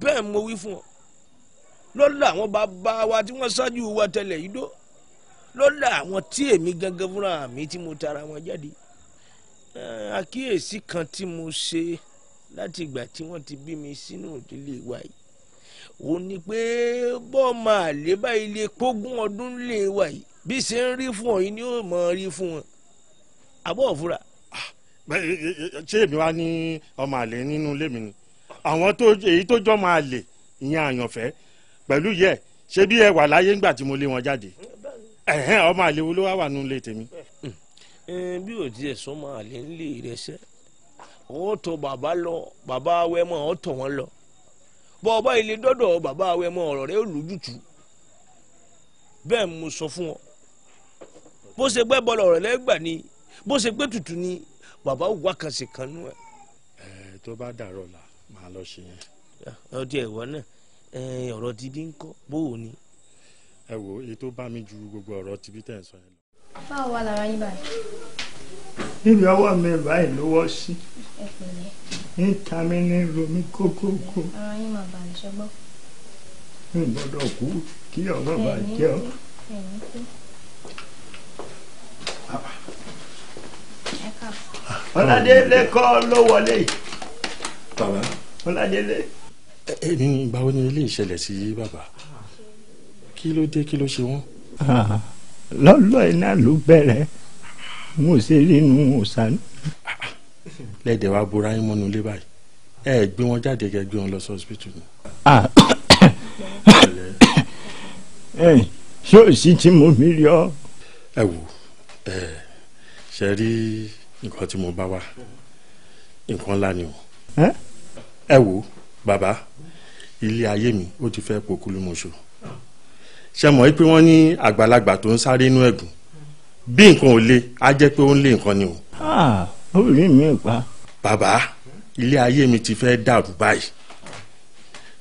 bẹ́ẹ̀ mo wí fún ọ lọ́la àwọn bàbá wa tí wọ́n ṣáájú wa tẹ́lẹ̀ yìí dó lọ́la àwọn tí èmi gangan fúnra mi tí mo tara wọn jáde àkíyèsí kan tí mo ṣe láti ìgbà tí wọ́n ti bí mi sínú ìdílé wa yìí òun ni pé bọ́ọ̀mù àlébá ilé pógún ọdún lè wà yìí bí ṣe ń rí fún ọ yìí ni ó mọ̀ ọ́ rí fún wọn àbọ̀ òfura. Ah, ṣé èmi wá ní ọmọ àlè nínú ilé mi ni àwọn tó èyí tó jọ máa lè ìyẹn àyànfẹ́ pẹ̀lú yẹ ṣé bí ẹ wà láyé ńgbà tí mo lé wọn jáde ẹ̀hẹ́n ọmọ àlè wo ló wá wà nínú ilé tèmi. bí ò tiẹ̀ sọ́mọ àlè ń lè rẹ̀ ṣẹ́ ọ̀ tọ̀ bàbá lọ bàbá wẹ́mọ̀ ọ̀ tọ̀ wọ́n lọ bọ́ ọba ilé dọdọ bàbá awẹ́ mọ́ ọrọ rẹ ó lójútùú bẹ́ẹ̀ mo sọ fún ọ bó ṣe gbẹ́ bọ́lọ̀ ọ̀rọ̀ lẹ́gbà ni bó ṣe gbé tutù ni bàbá òwú àkànṣe kan nú ẹ. ẹ tó bá dàrọ la màá lọ ṣe yẹn. ọdí ẹ̀wọ́ náà ọrọ dídí ń kọ́ bó o ni. ẹ wo èyí tó bá mi ju gbogbo ọ̀rọ̀ tibí tẹ̀ ń sọ yẹn lọ. báwo wà lára yín báyìí. níbi ọwọ́ mi báyìí ló wọ́ sí. ẹ pẹ̀lẹ́. níta mi ní romi kókókó. ara yín máa bàlẹ̀ ṣọgbọ́n. mi ò gbọ́dọ̀ kú kí ọmọ bàa jẹ́ ọ. ọládélé kọ́ ló wọlé. bàbá. ọládélé. èmi ni ìgbà wo ni ilé ìṣẹ̀lẹ̀ sí bàbá kí ló dé kí ló ṣe wọ́n. lọ́lọ́ iná ló bẹ̀rẹ̀ mo ṣe rí inú òsán lẹ́dẹ̀ wá bora yín mọ́nu ilé báyìí ẹ gbé wọn jáde kẹ gbé wọn lọ sí hospital ni. Ah. ṣé òsì tí mo mi rí ọ. ẹ wò ẹ ṣe rí nǹkan tí mo bá wá nǹkan ńlá ni o. ẹ wò bàbá ilé ayé mi ó ti fẹ́ pokùlù mọ́ṣọ́ ṣe mọ̀ pé wọ́n ní àgbàlagbà tó ń sáré inú ẹ̀gùn bí nǹkan ò le á jẹ́ pé ó ń lé nǹkan ni o. Ah ó rí mi pa. bàbá ilé ayé mi ti fẹ́ dàrú báyìí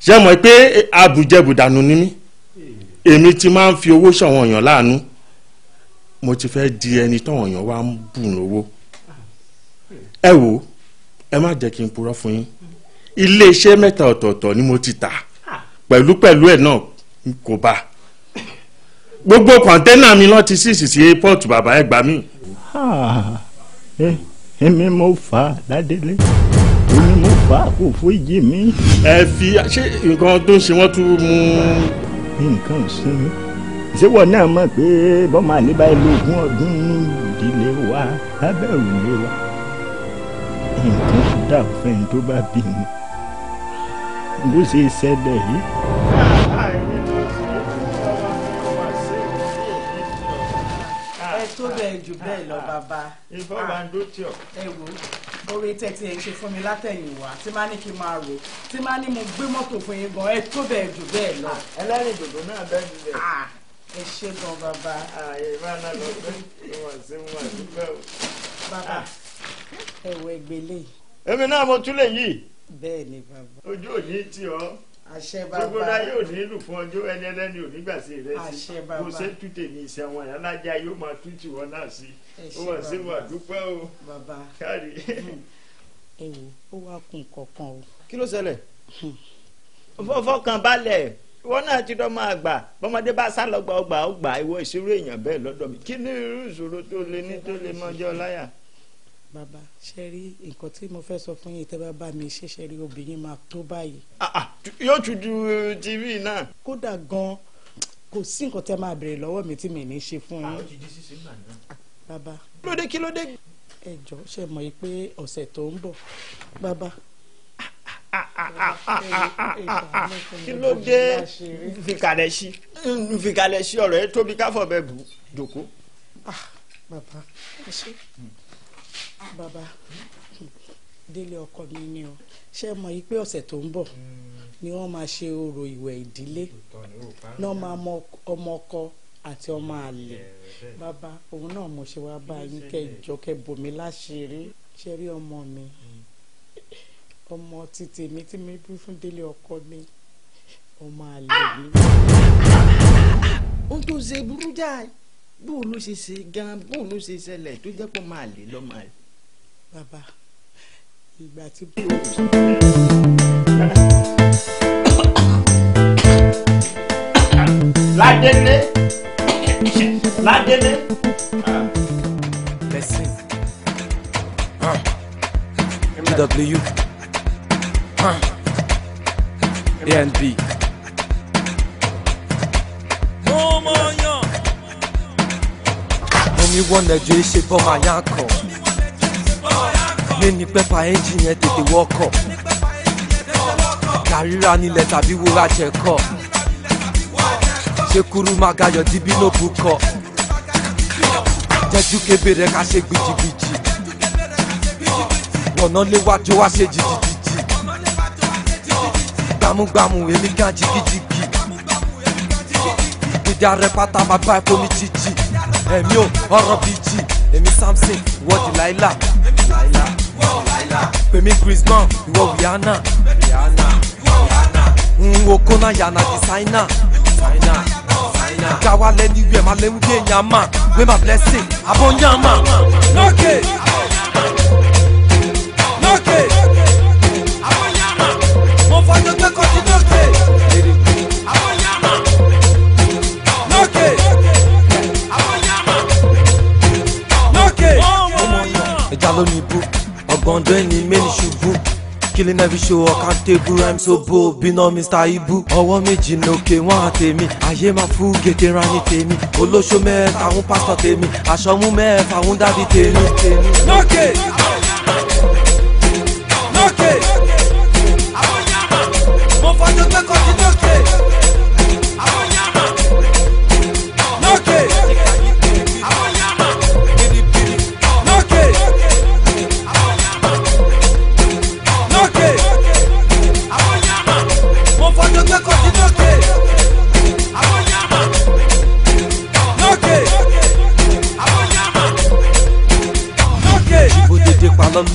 ṣé mọ̀ pé abùjẹbùdànù ni mí èmi ti máa ń fi owó ṣọ̀wọ́n èèyàn láàánú mo ti fẹ́ di ẹni tọ̀wọ̀n èèyàn wá ń bù lówó ẹ wò ẹ má jẹ́ kí n purọ́ fún yín iléeṣẹ́ mẹ́ta ọ̀tọ̀ọ̀tọ̀ ni mo ti tà pẹ̀lúpẹ̀lú ẹ̀ náà kò bá gbogbo kọ̀ńténà mi lọ́ọ́ ti sí airport bàbá ẹ̀ gbà mí èmi mo fà á ládélé èmi mo fà á kò foríjì mi. ẹ fi ṣé nǹkan tó ń ṣe wọ́n tún mú. nǹkan ò sí mi ṣéwọ náà mọ̀ pé bọ́mọ àlébá ilé ogún ọdún ìdílé wa lábẹ́ òrùlé wa nǹkan dà fẹ́ni tó bá bí mi bó ṣe ṣẹlẹ̀ yìí. tó bẹ́ẹ̀ jù bẹ́ẹ̀ lọ ah, ah, ah. bàbá. ìfọ́ bá ń dótì ọ̀. ẹ wo oore tẹ́tí ẹ̀ ń ṣe fún mi látẹ̀yìnwá tí máa ní kí n máa rò tí máa ní mo gbé mọ́tò fún yín gan ẹ tó bẹ́ẹ̀ jù bẹ́ẹ̀ lọ. ẹlẹ́rìí dòdò náà bẹ́ẹ̀ jù bẹ́ẹ̀. ẹ ṣe gan bàbá. ààyè ìbáná lọ pé ìwọ̀n sí wọn àdúgbò. bàbá ẹ̀wọ̀ ẹgbẹ̀lẹ̀. èmi náà mo tún lè yí. bẹ́ẹ̀ ni bàbá. ojú òní ti ọ gbogbo náà yóò nílù fún ọjọ́ ẹni ẹlẹ́ni ò nígbà sí ìrẹsì kò ṣe tú tèmi ìṣẹ́ wọn yàrá ajá yóò máa tú tìwọ́ náà sí ó wà sí wà dúpẹ́ o kárí. Hmm. ẹ wo ó wá kun kọ̀ọ̀kan o. kí ló ṣẹlẹ̀. Hmm. fọfọkàn balẹ̀ wọn náà ti dọ́ máa gbà bọ́mọdé bá sá lọ gbà ọgbà ọgbà ìwọ ìṣirò èèyàn bẹ́ẹ̀ lọ́dọ̀ mi kí ni irú ìṣòro tó le ní tó le mọ́jọ́ láyà baba ṣe rí nǹkan tí mo fẹ́ sọ fún yín tẹ́ bá bá mi ṣe ṣe rí obìnrin máa tó báyìí. Ah, ah, yóò tún ju uh, tv náà. kódà gan-an kò sí nǹkan tẹ́ máa béèrè lọ́wọ́ mi tí mi ní ṣe fún yín. Ah, bàbá. kí ló dé kí ló dé. ẹ jọ ṣe mọ̀ pé ọ̀sẹ̀ tó ń bọ̀ bàbá kí ló dé nfikalẹ sí nfikalẹ mm, sí ọ̀rọ̀ yẹn tóbi káfọ bẹ́ẹ̀ bù jòkó. bàbá ẹ ṣe baba délé ọkọ mi ni o ṣé mọ̀ yìí pé ọ̀sẹ̀ tó ń bọ̀ ni wọ́n máa ṣe orò ìwẹ̀ ìdílé náà máa mọ ọmọ ọkọ àti ọmọ àlè bàbá òun náà mo ṣe wá bá yín kẹjọ kẹbòmí láṣìírí ṣe rí ọmọ mi ọmọ ti tèmi tí mi bí fún délé ọkọ mi ọmọ àlè mi. ohun tó ṣe burú jáì bóun ló ṣe ṣe gan bóun ló ṣe ṣẹlẹ̀ tó jẹ́ pé ọmọ àlè lọ́mọ àlè bàbá ìgbà tí bí o. ládélé W A N B. mo mọ yan. omi wọ nàìjíríà ṣe bọ́ for my kan mi ní pẹ́pà ẹ́ńjì yẹn tètè wọ́kọ̀ kàríra nílẹ̀ tàbí wúrà jẹ́ kọ́ ṣe kúrú máa gayọ̀ dìbí lóbu kọ́ jẹ́jú kébé rẹ̀ ká ṣe gbìjìgbìjì ọ̀nà léwájú wá ṣe jìjìjìjì gbàmúgbàmù èmi gan jìgìjìgì ìdí arẹ pátá máa bá epo mi jìjì ẹ̀mí ò ọ̀rọ̀ bíjì èmi Samson wọ́ọ̀dì láìláà pèmí Griezmann ìwọ Rihanna n wo kona yana designer gawale ni wíwẹ̀ máa lẹ́wọ́ bí èèyàn máa wíwẹ̀ máa blessing abọ́nyá máa lókè. Okay. Gondo any many ṣubú. Killing every show accountable I'm so bold Be no Mr. Ibu. Ọwọ́ méjì lókè wọ́n á tèmi. Ayé máa fún gètè ra ní tèmi. Olóṣó mẹ́ẹ̀ta àwọn pásítọ̀ tèmi. Aṣọ mú mẹ́ẹ̀fà àwọn dábì tèmi. Lókè! Okay.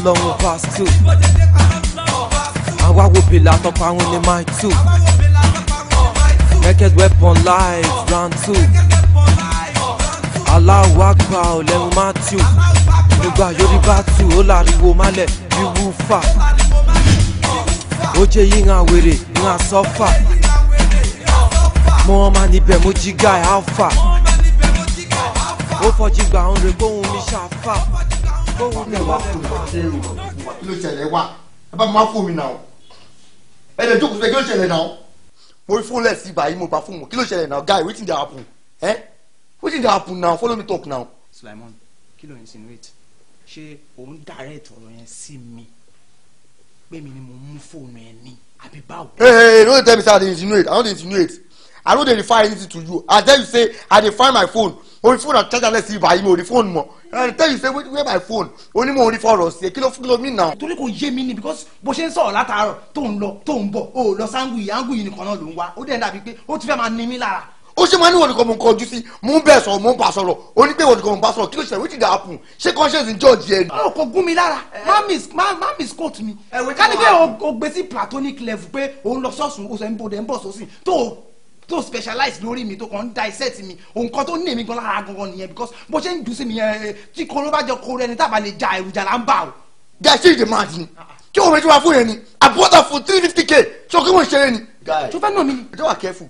lọ́rùn pass two àwa wo bèlà tán parun ní my two naked weapon live round two aláwọ̀ àgbà ò lẹ́rù matthew nígbà yorùbá tù ó láriwo málẹ̀ wíwú fà ó jẹ́ yíyan wèrè yíyan sọ́fà mo máa níbẹ̀ mo jí alpha ó fọjí gbà ń re kóhun mi ṣàfà ẹ wá fún mi ṣé o bá fún mo kí ló ṣẹlẹ̀ náà guy wetin dey happen ẹ wetin dey happen now follow me talk now. Sulaimon kí ló insinuate ṣé òun direct ọ̀rọ̀ yẹn sí mi pé mi ni mo mú fóònù ẹ ní àbí báwo. ee no dey tell me say i dey insinuate i no dey insinuate i no dey refer anything to you i tell you say i dey find my phone orí fóònù àti charger lẹ́sìn ibà yìí mi ò rí fóònù mọ̀ i tell you say where my phone onímọ̀ orí fọ́ọ̀rọ̀ sí ẹ kí ló kí ló mí nà. torí kò yé mi ni because bó ṣe ń sọ̀rọ̀ látàárọ̀ tó ń lọ tó ń bọ̀ ó lọ sangu yìí angu yìí nìkan náà ló ń wá ó dẹ̀ dàbí pé ó ti fẹ́ máa ní mí lára. ó ṣe máa ní wọn nìkan mo ń kọjú sí mo ń bẹ̀ sọ̀rọ̀ mo ń bà sọ̀rọ̀ ó ní pé wọn nìkan mo ń bà sọ̀rọ̀ kí ló ṣe wíjì dà ápù ṣé conscience ń judge ẹ. mo kò platonic level pé òun lọ sọ́ọ̀sùn o sì ń bọ̀ tó specialize lórí mi tó kàn ń dissect mi nǹkan tó ní èmi gan lára gangan nìyẹn because bó ṣe ń dùn sí mi yẹn eh, tí koro bá jẹ koro ẹni tábà lè ja èròjà là ń bà o. guy ṣe ìdè máa dín kí òun méjì wá fún yẹn ni I bought her for three fifty k ṣọ kí wọ́n ṣeré ni. guy tó fẹ́ nà mí ni. ọjọ́ wa careful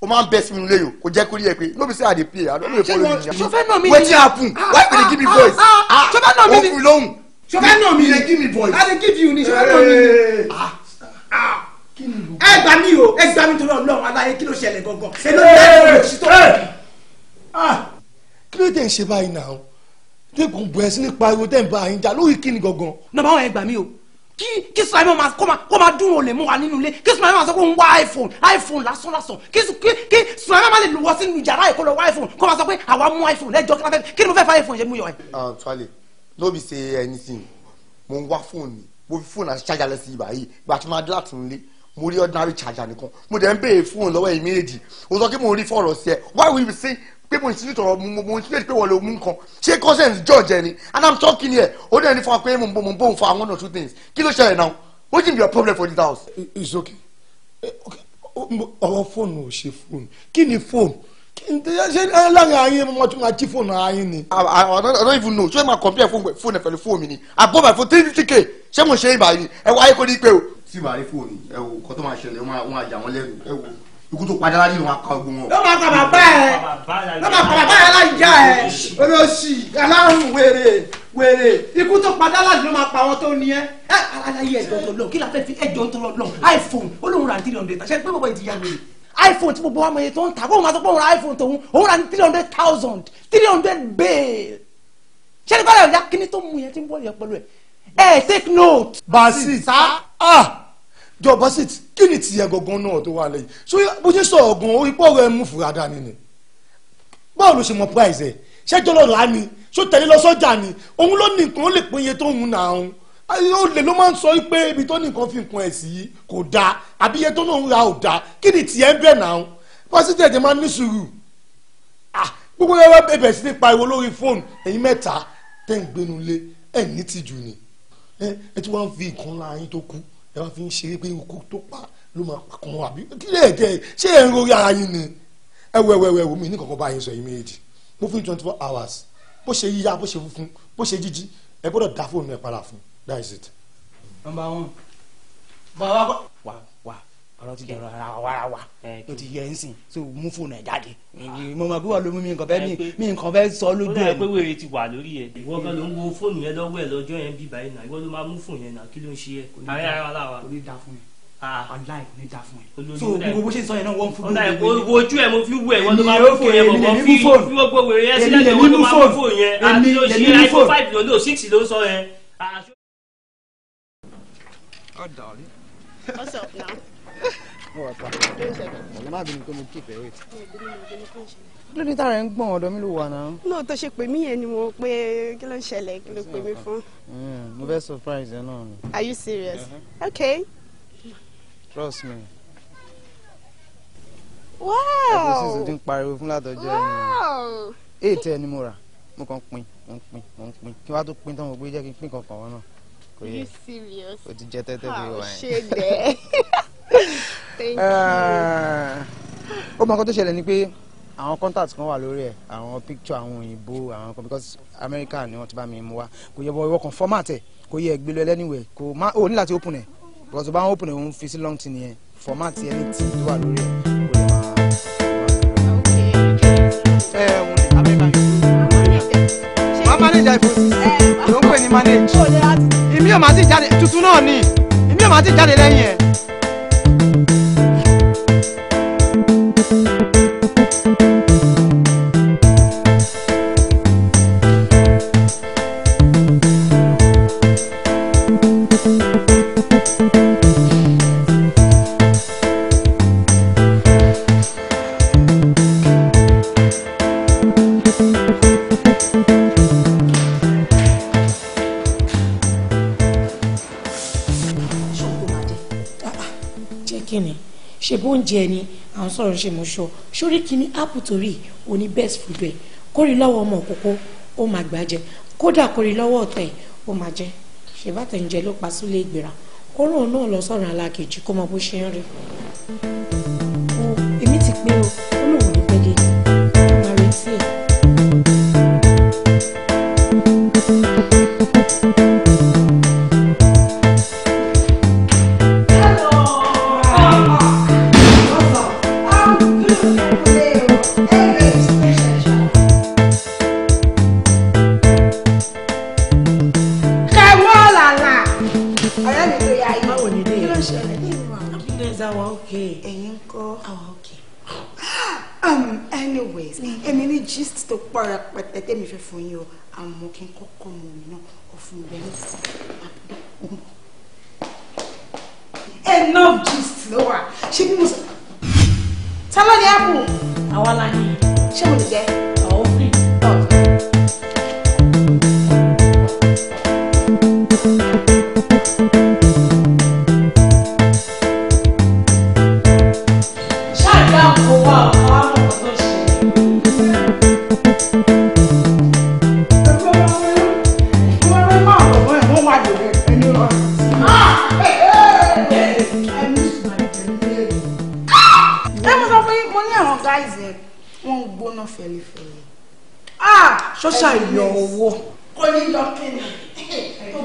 o máa ń bẹ sínú ilé yìí o kò jẹ́ kó rí ẹ pé no be say i dey pay. i don't no dey follow you. sọfẹ́ nà mí ni wetin happen ah, ah, why you dey give me ah, voice. sọfẹ́ nà mí ni sọfẹ́ nà mí ni i dey give me you ni sọfẹ́ nà mí ni. Eh ẹ gbà mí o ẹ gbà mí torí Ọlọ́run aláyé kí ló ṣẹlẹ̀ gangan ẹ ló ní ẹ̀rọ òṣìṣẹ́ tó. Ah! kí ló dé ṣe báyìí náà tẹkùn bọ̀ ẹ́ sí ní pariwo tẹ́ ń bá yín jà lórí kí ni gangan. nàbà wọn ẹ gbà mí o kí kí sọ àìmọ̀ kó máa dún olè mú wa nínú ilé kí sọ àìmọ̀ máa sọ pé ń wá iphone iphone lásán lásán kí kí sọ àìmọ̀ máa lè wọ sínú yàrá ẹ̀ kó lọ wá iphone kó máa sọ pé àwa mú iphone lẹ́jọ́ kí ni mo fẹ́ kí ni mo fẹ́ fa iphone ṣe mú yọ ẹ̀. tuale ah, no be say anything mo ń wá fóònù mo fi fóònù àti ṣájà lọ sí ibà yìí láti nílé mo rí ordinary charger nìkan mo dẹ̀ ń béèrè fóònù lọ́wọ́ ẹ̀yìn méjèèjì o sọ kí mo rí fọ̀rọ̀ sí ẹ why will you say pé mo ti tọrọ mo mo ti pé wọlé omu nǹkan ṣé consent george ẹni and i'm talking here ó dẹ̀ ní fún wa pé mo mo bóun fún one or two things kí ló ṣẹlẹ̀ náà what is your problem for this house. it's okay eh, ọwọ́ fóònù ò ṣe fóònù kí ni fóònù ṣe láàrin ayé mo tún máa jí fóònù ayé ni. i don't even know ṣé máa compare fóònù ẹ̀ pẹ̀lú fóònù mi ni i bought my phone three fifty k ṣé mo ṣe é báyìí ẹ wá ayé kò ní pé o tí ìwà rí fóònù ẹ wo nǹkan tó máa ṣẹlẹ̀ wọn àjà wọn lẹ́nu ẹ wo ikú tó padà láyé wọn ká ogun wọn. ló máa kàmá bá ẹ ló máa kàmá bá ẹ láyà ẹ olóṣì alárùn wèrè wèrè ikú tó padà láyé ló máa pa àwọn tó ní ẹ. ẹ aláyé ẹjọ tó lọ kí la fẹ́ fi ẹjọ tó lọ lọ iphone olóhùn ra three hundred àṣẹ pé bọ́bọ́ yìí ti yá wèrè iphone tí gbogbo wa mọ iye tó ń ta kóhùn máa sọ pé òun ra iphone tòun òun ra ní three hundred thousand three hundred bail ṣé ní bá yà kíní tó mú yẹn tí ń bọ̀ yẹn pẹ̀lú ẹ ẹ take note. basi sa ah jọ bọ́sìt kí ni tìyẹ gangan náà tó wà lẹ́yìn so bó ṣe sọ ọ̀gùn orí pọ́ọ̀rọ̀ ẹ̀ mú fura dání ni báwo ló ṣe mọ price ẹ̀ ṣẹ́jọ́ lọ́la ni ṣó tẹ̀lé lọ ni òun ló ní nǹkan ó lè pín iye tó ń nà án ó lè ló máa ń sọ pé ibi tó ní nǹkan fi nǹkan ẹ̀ sí kò dáa àbí iye tó náà ń ra ò dáa kí ni tìyẹ ń bẹ̀ nà án bọ́sìt ẹ̀jẹ̀ máa ń ní sùúrù ah, gbogbo ẹ̀rọ bẹ̀bẹ̀ sí ní pariwo lórí fóònù ẹ̀yin mẹ́ta tẹ̀ ń gbénu lé ẹ̀ ní tìjú ni ẹ ti wá ń fi nǹkan láàyín tó kú ẹ máa fi ń ṣeré pé okó tó pa ló máa pa kan àbí kí lè tẹ ṣé ẹ ń rori ara yín ni ẹ wẹ wẹ wẹ wò mí ní bá yín sọ yín méjì mo fi twenty four hours bó ṣe yíyá bó ṣe funfun bó ṣe jíjí ẹ gbọ́dọ̀ dá fóònù ẹ padà fún that is it. number one. bàbá wa ọ̀rọ̀ ti dọ̀rọ̀ àwarawa ló ti yẹ ń sìn so mú fóònù ẹ̀ jáde ah. mo mọ̀ pé wọ́n mi nǹkan fẹ́ mi nǹkan fẹ́ sọ lójú ẹ̀. ó yẹ pé wèrè ti wà lórí ẹ ìwọ kan ló ń wo fóònù yẹn lọ́wọ́ ẹ̀ lọ́jọ́ yẹn bí báyìí náà ìwọ ló máa mú fóònù yẹn náà kí ló ń ṣe ẹ àárẹ̀ ara láwa. kò ní da fún mi online ní da fún ẹ ah. so gbogbo bó ṣe sọ yẹn náà wọ́n fún mi. ojú ẹ̀ lórí tára ń gbọ̀n ọ̀dọ̀ mi ló wà náà. náà ṣe pè mí yẹn ni mo pé kí ló ń ṣẹlẹ̀ kí ló pè mí fún. Hmm, mo fẹ́ surprise ẹ náà ni. are you serious? uh okay. trust me. wow. ẹ̀kọ́ sísun ti ń pariwo fún látọjọ́ ẹ̀ ni. eight ẹ ni mo rà mo kàn pin mo pin mo pin kí wàá tó pin tán mo gbé jẹ́ kí n pin kankan wọn náà. are you serious? o ti jẹ tẹ́tẹ́ bí wàá yẹn. ṣé dẹ́. thank you. Ah. ó mọ nǹkan tó ṣẹlẹ̀ ni pé àwọn contact kan wà lórí ẹ̀ àwọn picture àwọn òyìnbó àwọn kan because America ni wọ́n ti bá mi mú wa kò yẹ bọ ìwọ kan format ẹ̀ kò yẹ gbé lọ anywhere kò má ò ní láti open ẹ̀ because tó bá ń open ẹ̀ òun fi sí long tin yẹn format ẹ̀ ní tí tó wà lórí ẹ̀ kò eh, iphone eh, ló ń pè ní manage. èmi ò máa ti jáde tuntun náà ni èmi ò máa ti jáde lẹ́yìn ẹ̀. díẹ̀ ni à ń sọ̀rọ̀ ṣe mú ṣọ sórí kínní áàpù torí òní best food rẹ̀ kórìí lọ́wọ́ ọmọ òkókó ó máa gbà jẹ kódà kórìí lọ́wọ́ ọ̀tẹ̀ ó máa jẹ ṣèbátẹ̀ ń jẹ ló pa sílé ìgbéra ó ràn náà lọ sọ̀rọ̀ alákejì kó mọ bó ṣe ń rí èmi ti pé o ó lóun ní ọmọ rẹ̀ sí i.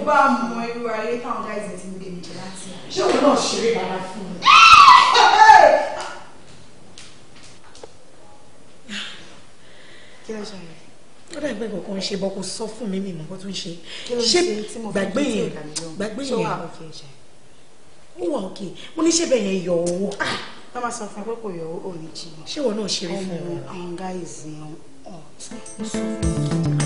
bá mọ irú ayé táwọn gáìsì ti mú kébìjì láti ṣé òun náà ṣeré bàbá fún mi. kí ló ṣe rẹ ó dàgbé kankan ń ṣe bọ́ kó sọ fún mi mi mọ̀ kó tún ṣe ṣé gbàgbé yẹn gbàgbé yẹn ó wà òkè mo ní ṣé bẹ́ẹ̀ yẹn yọ owó. Ah! wọ́n máa sọ fún ẹ pé kò yọ owó òní jì. ṣé ìwọ náà ṣeré fún ẹ. ọmọ àwọn gáìsì ọ̀hún.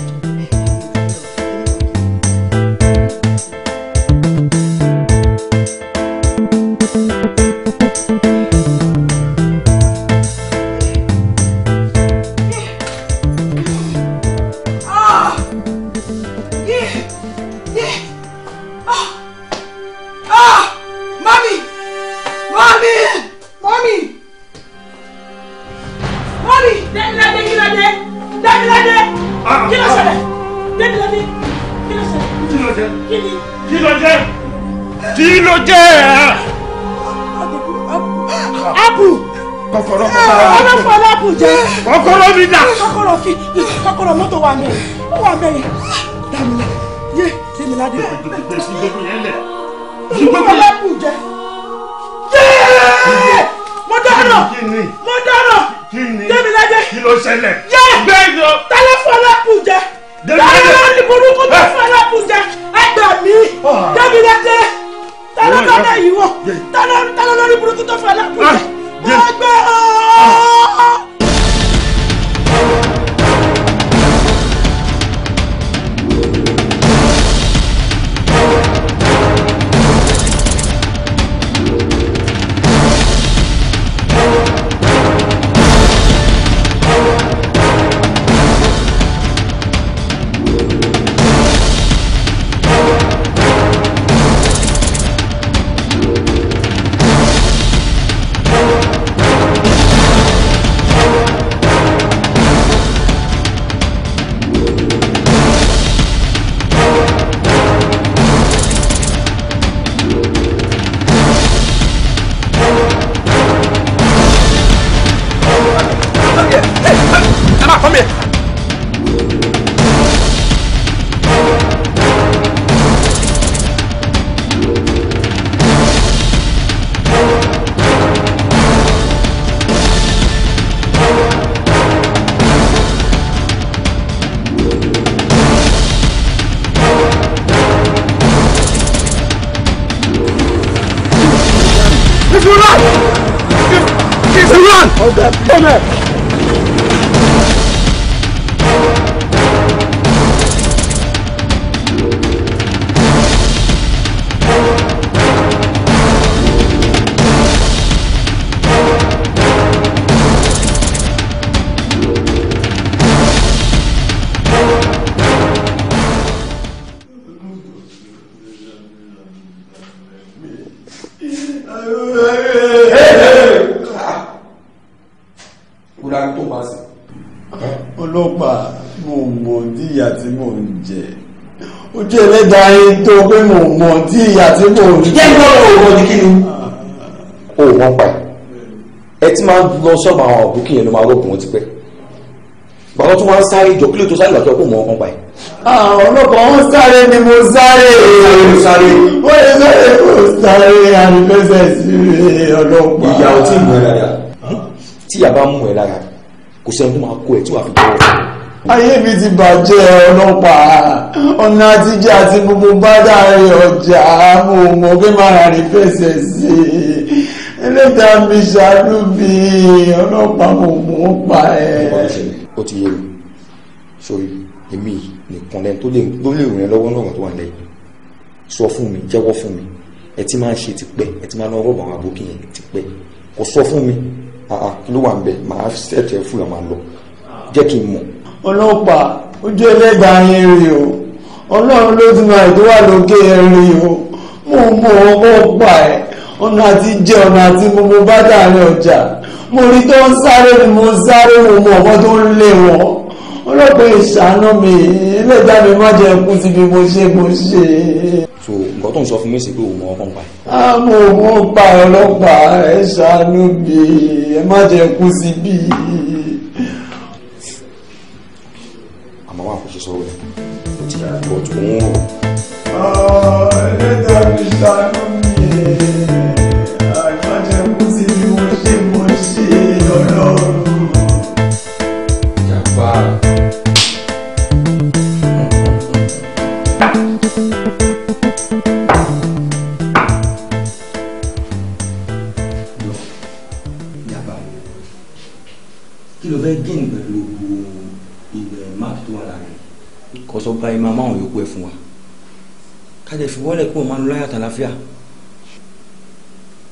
bí ìyá tí kò rí. jẹ́ gbọ́ òwò ni kí ni. o wọ́n pa ẹ ti máa ń lọ sọ́ọ̀bù àwọn àbúkì yẹn ló máa rògbòn ti pẹ́ bàbá tó máa ń sáré ìjọ kílò tó sáré ìgbàjọ kó mọ ọkàn pa ẹ. àwọn ah, ọlọ́pàá ń sáré ni mo sáré. mo sáré. wọ́n lè sáré mo sáré àrífẹ́sẹ̀ sí ọlọ́pàá. ìyá ò tí ì mú ẹ lára tí ìyá bá mú ẹ lára kò sẹ́ni tó máa kó ẹ tí wàá fi jẹ́ ọ ayé mi ti bàjẹ́ ọlọ́pàá ọ̀nà àtijọ́ àti gbogbo bádà rẹ̀ ọjà mo mọ̀ pé màá rí fẹsẹ̀ sí i ẹlẹ́ta mi ṣàánú bí ọlọ́pàá mo mọ̀ ó pa ẹ̀. ó ti yé mi sórí èmi nìkan lẹ́nu tó lè tó lè rìn lọ́wọ́ lọ́wọ́ tó wà lẹ́yìn sọ fún mi jẹ́wọ́ fún mi ẹ ti máa ń ṣe tipẹ́ ẹ ti máa ń rọ́ọ̀bù àwọn àbókì yẹn tipẹ́ kò sọ fún mi kí ló wà ń bẹ̀ màá ṣẹ̀tẹ̀ fúlọ̀ máa lọ jẹ́ kí n mọ̀ ọlọ́pàá ojú ẹlẹ́gbà yẹn rí o ọlọ́run ló ti máa tó lókè yẹn rí o mo mọ ọmọ ọgbà ẹ ọ̀nà àti jẹ ọ̀nà àti gbogbo bá dàrin ọjà mo rí tó ń sáré ni mo sáré wo mọ ọmọ tó ń lé wọn ọlọ́pàá ìṣàánú mi ẹlẹ́dàá mi má jẹ́ kú síbi mo ṣe mo ṣe. so nǹkan tó ń sọ fún mi sí pé òun mọ ọkàn pa ẹ. a mọ òun pa ọlọ́pàá ẹ ṣàánú mi ẹ má jẹ́ kú síbi. sọ̀rọ̀ ẹ̀ ó ti yára pọ̀ jù ń rò. ẹ̀ẹ́dẹ́gbẹ̀rún ìdáná ẹ máa máwọn yòókù ẹ fún wa kájẹ fi wọ́lẹ̀ kó o máa ń láyà tàlàfíà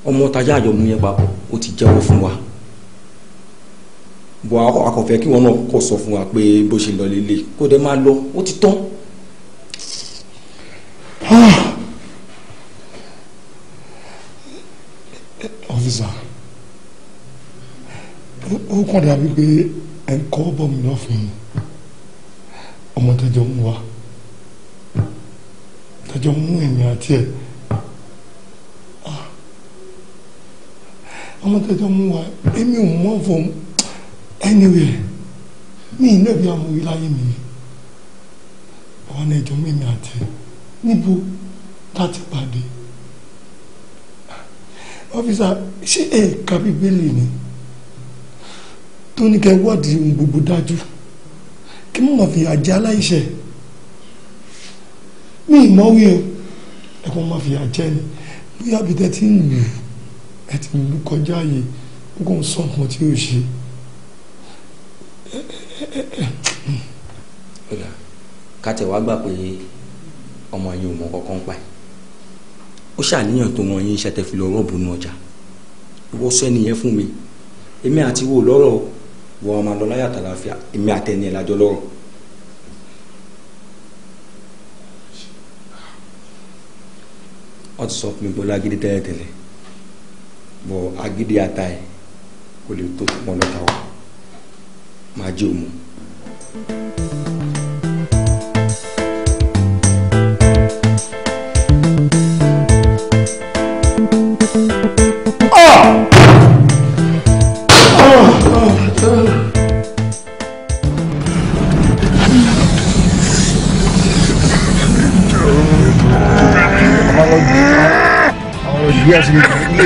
ọmọ tajà àjọmú yẹn papọ̀ ó ti jẹ́wọ́ fún wa bọ̀ akọ̀fẹ́ kí wọn náà kọ̀ sọ fún wa pé bó ṣe lọ lélẹ̀ kó dẹ̀ máa lọ ó ti tán. ọ́fíìsà ó kàn dàbí pé ẹ̀ ń kọ́ bọ̀ mí lọ́fun ọmọ tó jọ mú tọjọ́ mú èmi àti ẹ̀ ah. ọmọ tọjọ́ mú wa èmi ò mọ̀ fún anywhere mi ìnẹ́bí amòrí láyé mi ọ̀nà ìjọ mú èmi àti ẹ̀ níbo láti pàdé ọ́fíìsà ṣé ẹ̀ kábí bẹ́ẹ̀lì ni tó ní kẹ́ wọ́ọ̀dì gbogbo dájú kí mọ̀ fi àjẹ́ aláìṣẹ̀ mi ìnáwó yẹn ẹ̀kọ́ máa fìyà jẹ ni bóyá bí tẹ́tí ń lù ẹ̀ ti lù kọjá yìí ó kò ń sọ nǹkan tí ò ṣe. kátẹ̀ wá gbà pé ọmọ yín ò mọ kankan pa ẹ̀ ó ṣàníyàn tó mọ yín iṣẹ́ tẹ́ fi lọ rọ́ọ̀bù nù ọjà ìwọ sọ ẹnìyẹn fún mi èmi àti wo lọ́rọ̀ wọ́n máa lọ láyàtọ̀ láfíà èmi àtẹnìyẹn lájọ lọ́rọ̀. wọ́n ti sọ fún mi pẹ̀lú agídí tẹ́lẹ̀tẹ́lẹ̀ bọ̀ agídí ata ẹ̀ kò lè tó fún ọ̀nà táwọn máa jẹ́ òun.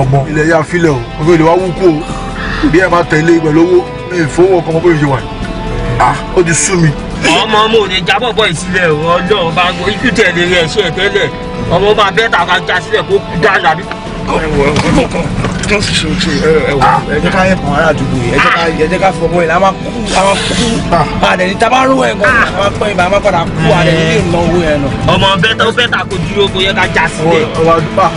ọgbọ́n. ilẹ̀ yà filẹ̀ o òfin ìlú wa wú kú o bí ẹ máa tẹ̀lé pẹ̀lú owó ìfowó ọkọ̀ ọmọbìnrin ṣe wà ah ó ti sú mi. ọmọ ọmọ ò ní jábọ̀ bọ̀ ìsílẹ̀ ọjọ́ bá ikú tẹ̀lé rẹ̀ ṣe tẹ́lẹ̀ ọmọ bá bẹ́ẹ̀ tà ká já sílẹ̀ kó kú dáadáa àbí. ẹ jẹ́ ká yẹ kàn ara àdúgbò yìí ẹ jẹ́ ká fọwọ́ yìí la máa kú la máa kú àdẹ̀ni ah. tá a bá rún ẹ̀ gan la pẹ́ ibà máa padà kú àdẹ̀ni lè ná owó yẹn nà. ọmọ bẹ́ẹ̀ tà bẹ́ẹ̀ tà kó dúró kó ká já sílẹ̀. Ah.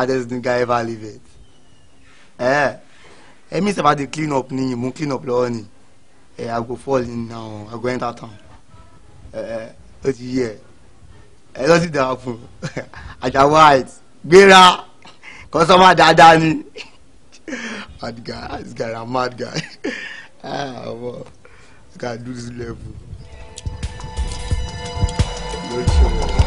I just think I ever leave it. Eh, it means if I dey clean up ni, mo clean up lọ́wọ́ ni. Eh, I go fall in now, I go enter town. Eh, eh ó ti yẹ. Ẹ eh, lọ sí dáa fún. Àjà white, gbéra, kọ́sọ́mà dáadáa ni. Mad guy, this guy a mad guy. Ah, well, I can do this level. No sure.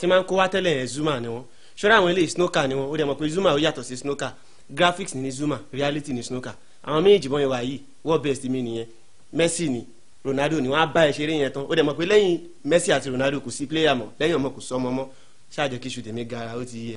tí máa ń kó wá tẹ́lẹ̀ yẹn zuma ni wọ́n ṣọ́ra àwọn eléyìí snooker ni wọ́n ó dẹ̀ mọ̀ pé zuma ó yàtọ̀ sí snooker graphics ni zuma reality ni snooker àwọn méjì bọ́n yẹn wà yìí world best mi nìyẹn Messi ni Ronaldo ni wọ́n á bá ẹ ṣeré yẹn tán ó dẹ̀ mọ̀ pé lẹ́yìn Messi àti Ronaldo kò sí player mọ́ lẹ́yìn ọmọ kò sọmọ mọ́ ṣáàjọ kí ṣù tèmi gara ó ti yẹ.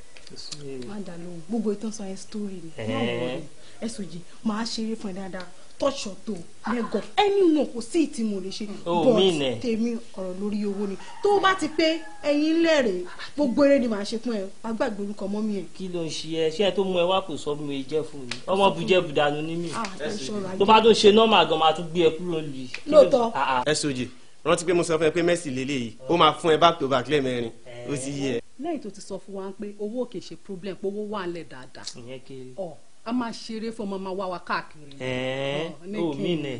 gbogbo ìtàn sọ ẹ̀ story ni ẹ̀ ẹ̀ sòjì máa ṣeré fún ẹ dáadáa touch your toe let go anyone kò sí ìtì mo lè ṣe oh, but tèmi ọ̀rọ̀ lórí owó ni tó bá ti pé ẹyin lẹ́rẹ̀ẹ́ gbogbo eré ni màá ṣe fún ẹ wàá gbàgbé orúkọ mọ́ mi ẹ̀. kí ló ń ṣe ẹ ṣé ẹ tó mú ẹ wá kò sọ fún mi jẹ fún mi ọmọ bujẹ budanu ní mi tó bá tó ṣe nọ́ọ̀mà gan máa tún gbé ẹ kúrò lù í. lóòótọ́ ẹ ah, ah. sojì rántí pé mo sọ fún ẹ pé mẹ́sì lélẹ́yìí ó máa fún ẹ back to back lẹ́ẹ̀mẹrin ó ti yé ẹ. lẹ́yìn tó ti sọ fún wa pé owó problem pé owó wà ń lẹ̀ a máa ṣeré fún ọmọ máa wá wa káàkiri. ẹ̀ẹ́ o mí nẹ̀.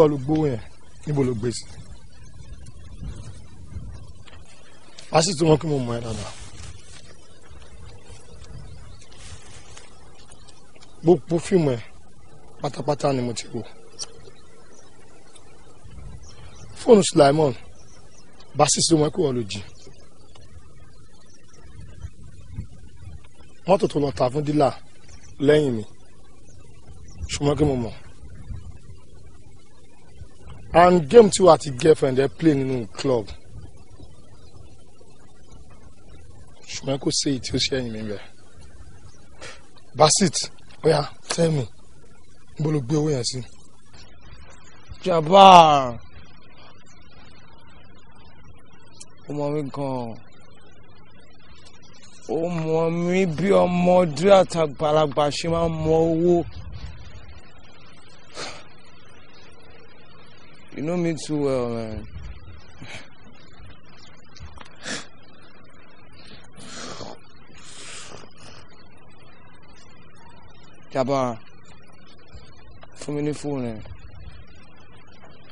wọ́n ló gbowó yẹn níbo ló gbé sí. a sì tún wọn kí mo mọ ẹ dáadáa. gbogbo fíìmù ẹ pátápátá ni mo ti wò. fóònù Sulaimon basis ló mọ ẹ kó wọ́n ló jì. mọ́tò tó lọ tà fún dílà lẹ́yìn mi ṣùgbọ́n kí mo mọ̀ and game tí wàá ti girlfriend ẹ play nínú club ṣùgbọ́n kò sí èyí tí ó ṣe ẹ̀yìn mi bẹ̀. basit oya tell me bó ló gbé owó yẹn sí. jaba ọmọ mi gan-an ọmọ mi bí ọmọ ọdún àtàgbàlagbà ṣe máa ń mọ owó. You know me too well, man. Jaba, fún me ní phone.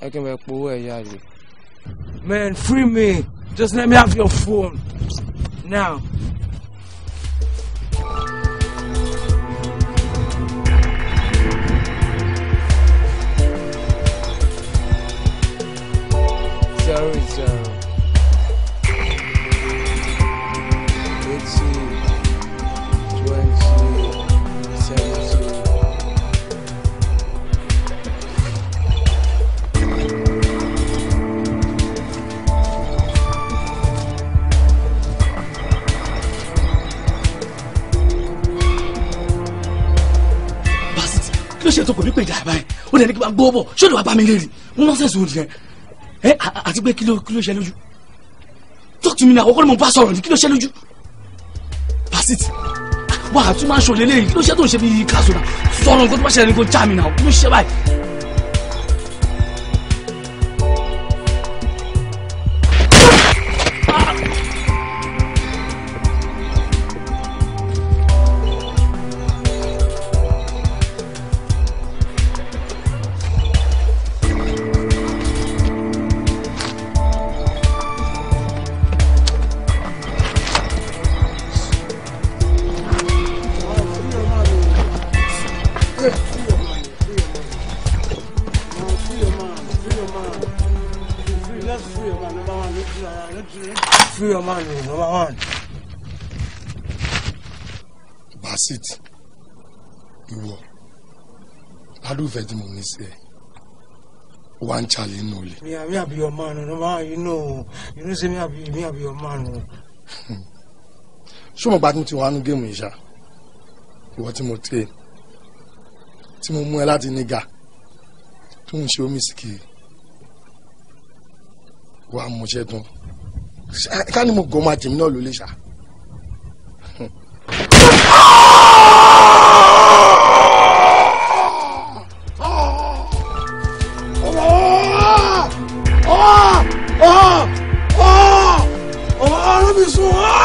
I can kí n bẹ powó Man, free me. Just let me have your phone. Now. ó dẹ̀ ní kí n máa gbọ́ bọ̀ ṣé o lè wá bá mi lè rí nọ́ọ̀sẹ̀sì òdì yẹn ẹ àti pé kí ló kí ló ṣe lójú talk to me now ọkọ ni mo bá sọ̀rọ̀ ní kí ló ṣe lójú pasit ah, wà tún máa ṣòlè kí ló ṣe tó ń ṣe bí kásùnà sọ̀rọ̀ nǹkan tó bá ṣẹlẹ̀ ní já mi náà kí ló ṣe báyìí. is here. Eh. One child in only. Me, me have your man, no man. You know, you know, say me have me have your man. Ṣé mo gbádùn tí wàá nu géèmù yìí ṣá? Ìwọ tí mo tẹ̀ tí mo mú ẹ láti nígà tó ń ṣe omi sìkì wàá mọṣẹ́ tán. Ká ní mo gọ́ máa jẹ̀mí náà lólè ṣá. ọ̀ọ́ ọ̀ọ́ ọ̀ọ́ ọ̀rọ̀ mi sùn ọ̀ọ́.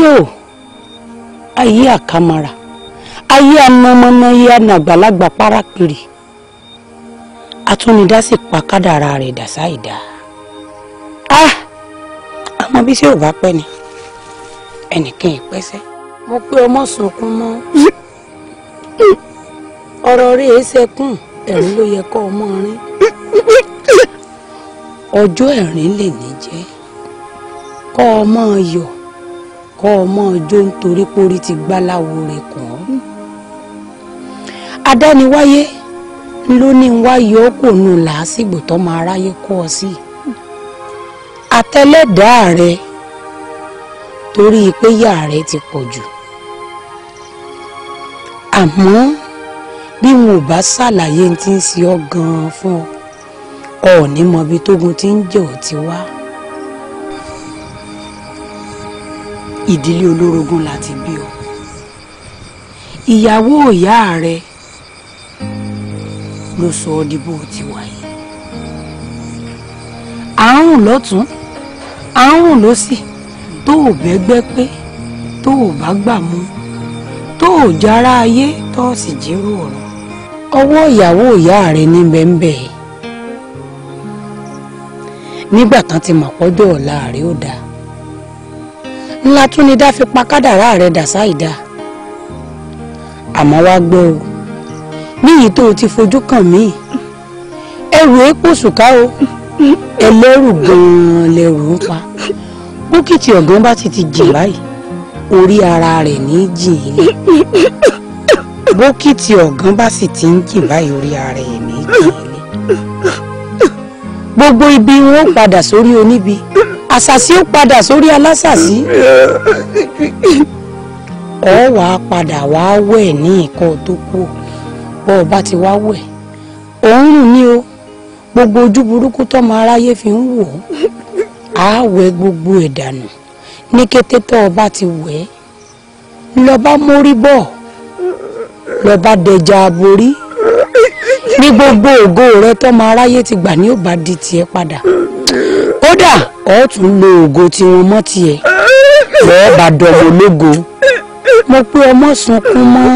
ayé o ayé àkàmàrà ayé anamọ́nà ayé anàgbàlagbà párápìrì atúnidá sì pa kádàrá rẹ̀ dàsá ìdá ah àmọ́ bí ṣé ò bá pẹ́ ni ẹnìkan ìpẹ́sẹ́ mo pé ọmọ sunkún mọ́ ọ̀rọ̀ rẹ̀ é sẹ́kùn ẹ̀rín ló yẹ kọ́ ọmọ rin ọjọ́ ẹ̀rín lè ní jẹ́ kọ́ ọmọ yọ̀ kọ́ ọmọ ọjọ́ nítorí pórí ti gbáláwo rẹ̀ kàn án. adániwáyé ló ní wá yọ kò nù làásìgbò tó máa ráyé kọ́ ọ sí. àtẹlẹ́dàá rẹ̀ torí péyà rẹ̀ ti pọ̀ jù. àmọ́ bí wọn ò bá ṣàlàyé ti ń ṣe ọ gan-an fún ọ ọ̀ ní mọbi tógun ti ń jẹ́ ọ ti wá. ìdílé olórogún la ti bí ọ ìyàwó ìyá rẹ ló sọ ọ di bó o ti wà yìí àrùn lọ́tún àrùn lọ́sì tó ò bẹ́gbẹ́ pé tó ò bá gbà mú tó ò jára ayé tó ò sì jírò ọ̀rọ̀ ọwọ́ ìyàwó ìyá rẹ ní bẹ́ńbẹ́ nígbà tán ti mọ̀ pọ́jọ́ ọ̀la rẹ ó dáa ńlá tún ni dá fi pa kádàrá rẹ̀ dà sáìdá àmọ́ wá gbọ́ o níyìí tó o ti fojú kàn mí ẹrù epo sùká o ẹlẹ́rù gan-an lẹ́rù ń pa bókìtì ọ̀gán bá ti ti jìn báyìí orí ara rẹ̀ ní jìn ilé bókìtì ọ̀gán bá sì ti ń jìn báyìí orí ara rẹ̀ ní jìn ilé gbogbo ibi wọn padà sórí oníbi àṣàṣì ó padà sórí alásàṣì ọ wà á padà wá wẹ̀ ní nǹkan tó kù bọ́ ọ bá ti wá wẹ̀ òórùn ni o gbogbo ojú burúkú tọ́mọ aráyé fi ń wò á wẹ̀ gbogbo ẹ̀ dànù ní kété tó o bá ti wẹ̀ lọ́ba mórí bọ̀ lọ́ba dẹja aborí ní gbogbo ògo rẹ tọ́mọ aráyé ti gbà ní ò bá di tiẹ̀ padà kódà ọ tún lo ògo tí wọn mọ tiẹ̀ lọ́ọ́ bá dọ̀wọ́ lógo mo pé ọmọ sunkún mọ́.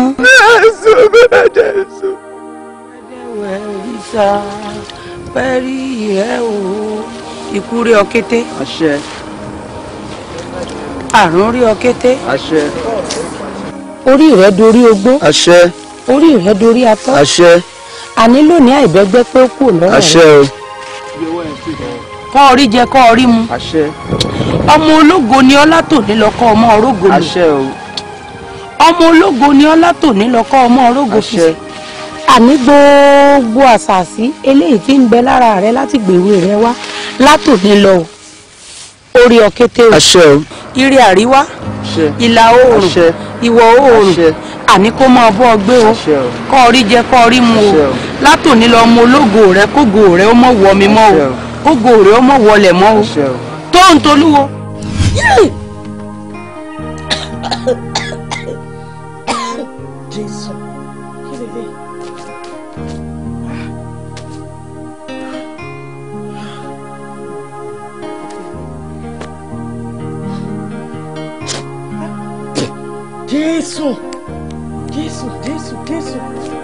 ẹ̀dẹ̀wẹ̀ ìsà pẹ́rí ẹ̀ o ikú rí ọkété àrùn rí ọkété orí rẹ̀ dorí ogbó orí rẹ̀ dorí atọ́ àní lónìí àìbẹ́gbẹ́ pé ó kù lọ́rọ̀ rẹ̀ kọ́ orí jẹ kọ́ orí mu ọmọ ológo ni ọlá tòní ọmọ orógo lò ọmọ ológo ni ọlá tòní ọmọ orógo fi sí. àní gbogbo àṣàṣì eléyìí tí ń bẹ lára rẹ láti gbèwé rẹ wá látòní lọ orí ọkété o ire àríwá ìlà oòrùn ìwọ̀ oòrùn àní kó máa bọ́ ọ o kọ́ orí jẹ kọ́ orí mu o látòní lọ ọmọ ológo rẹ kógo rẹ ó mọ̀ wọ mi mọ́ o kógo rẹ̀ ọmọ wọlé mọ́ o tó ń tolúwo. Jésù kí Jesus lè. Jésù Jésù Jésù Jésù.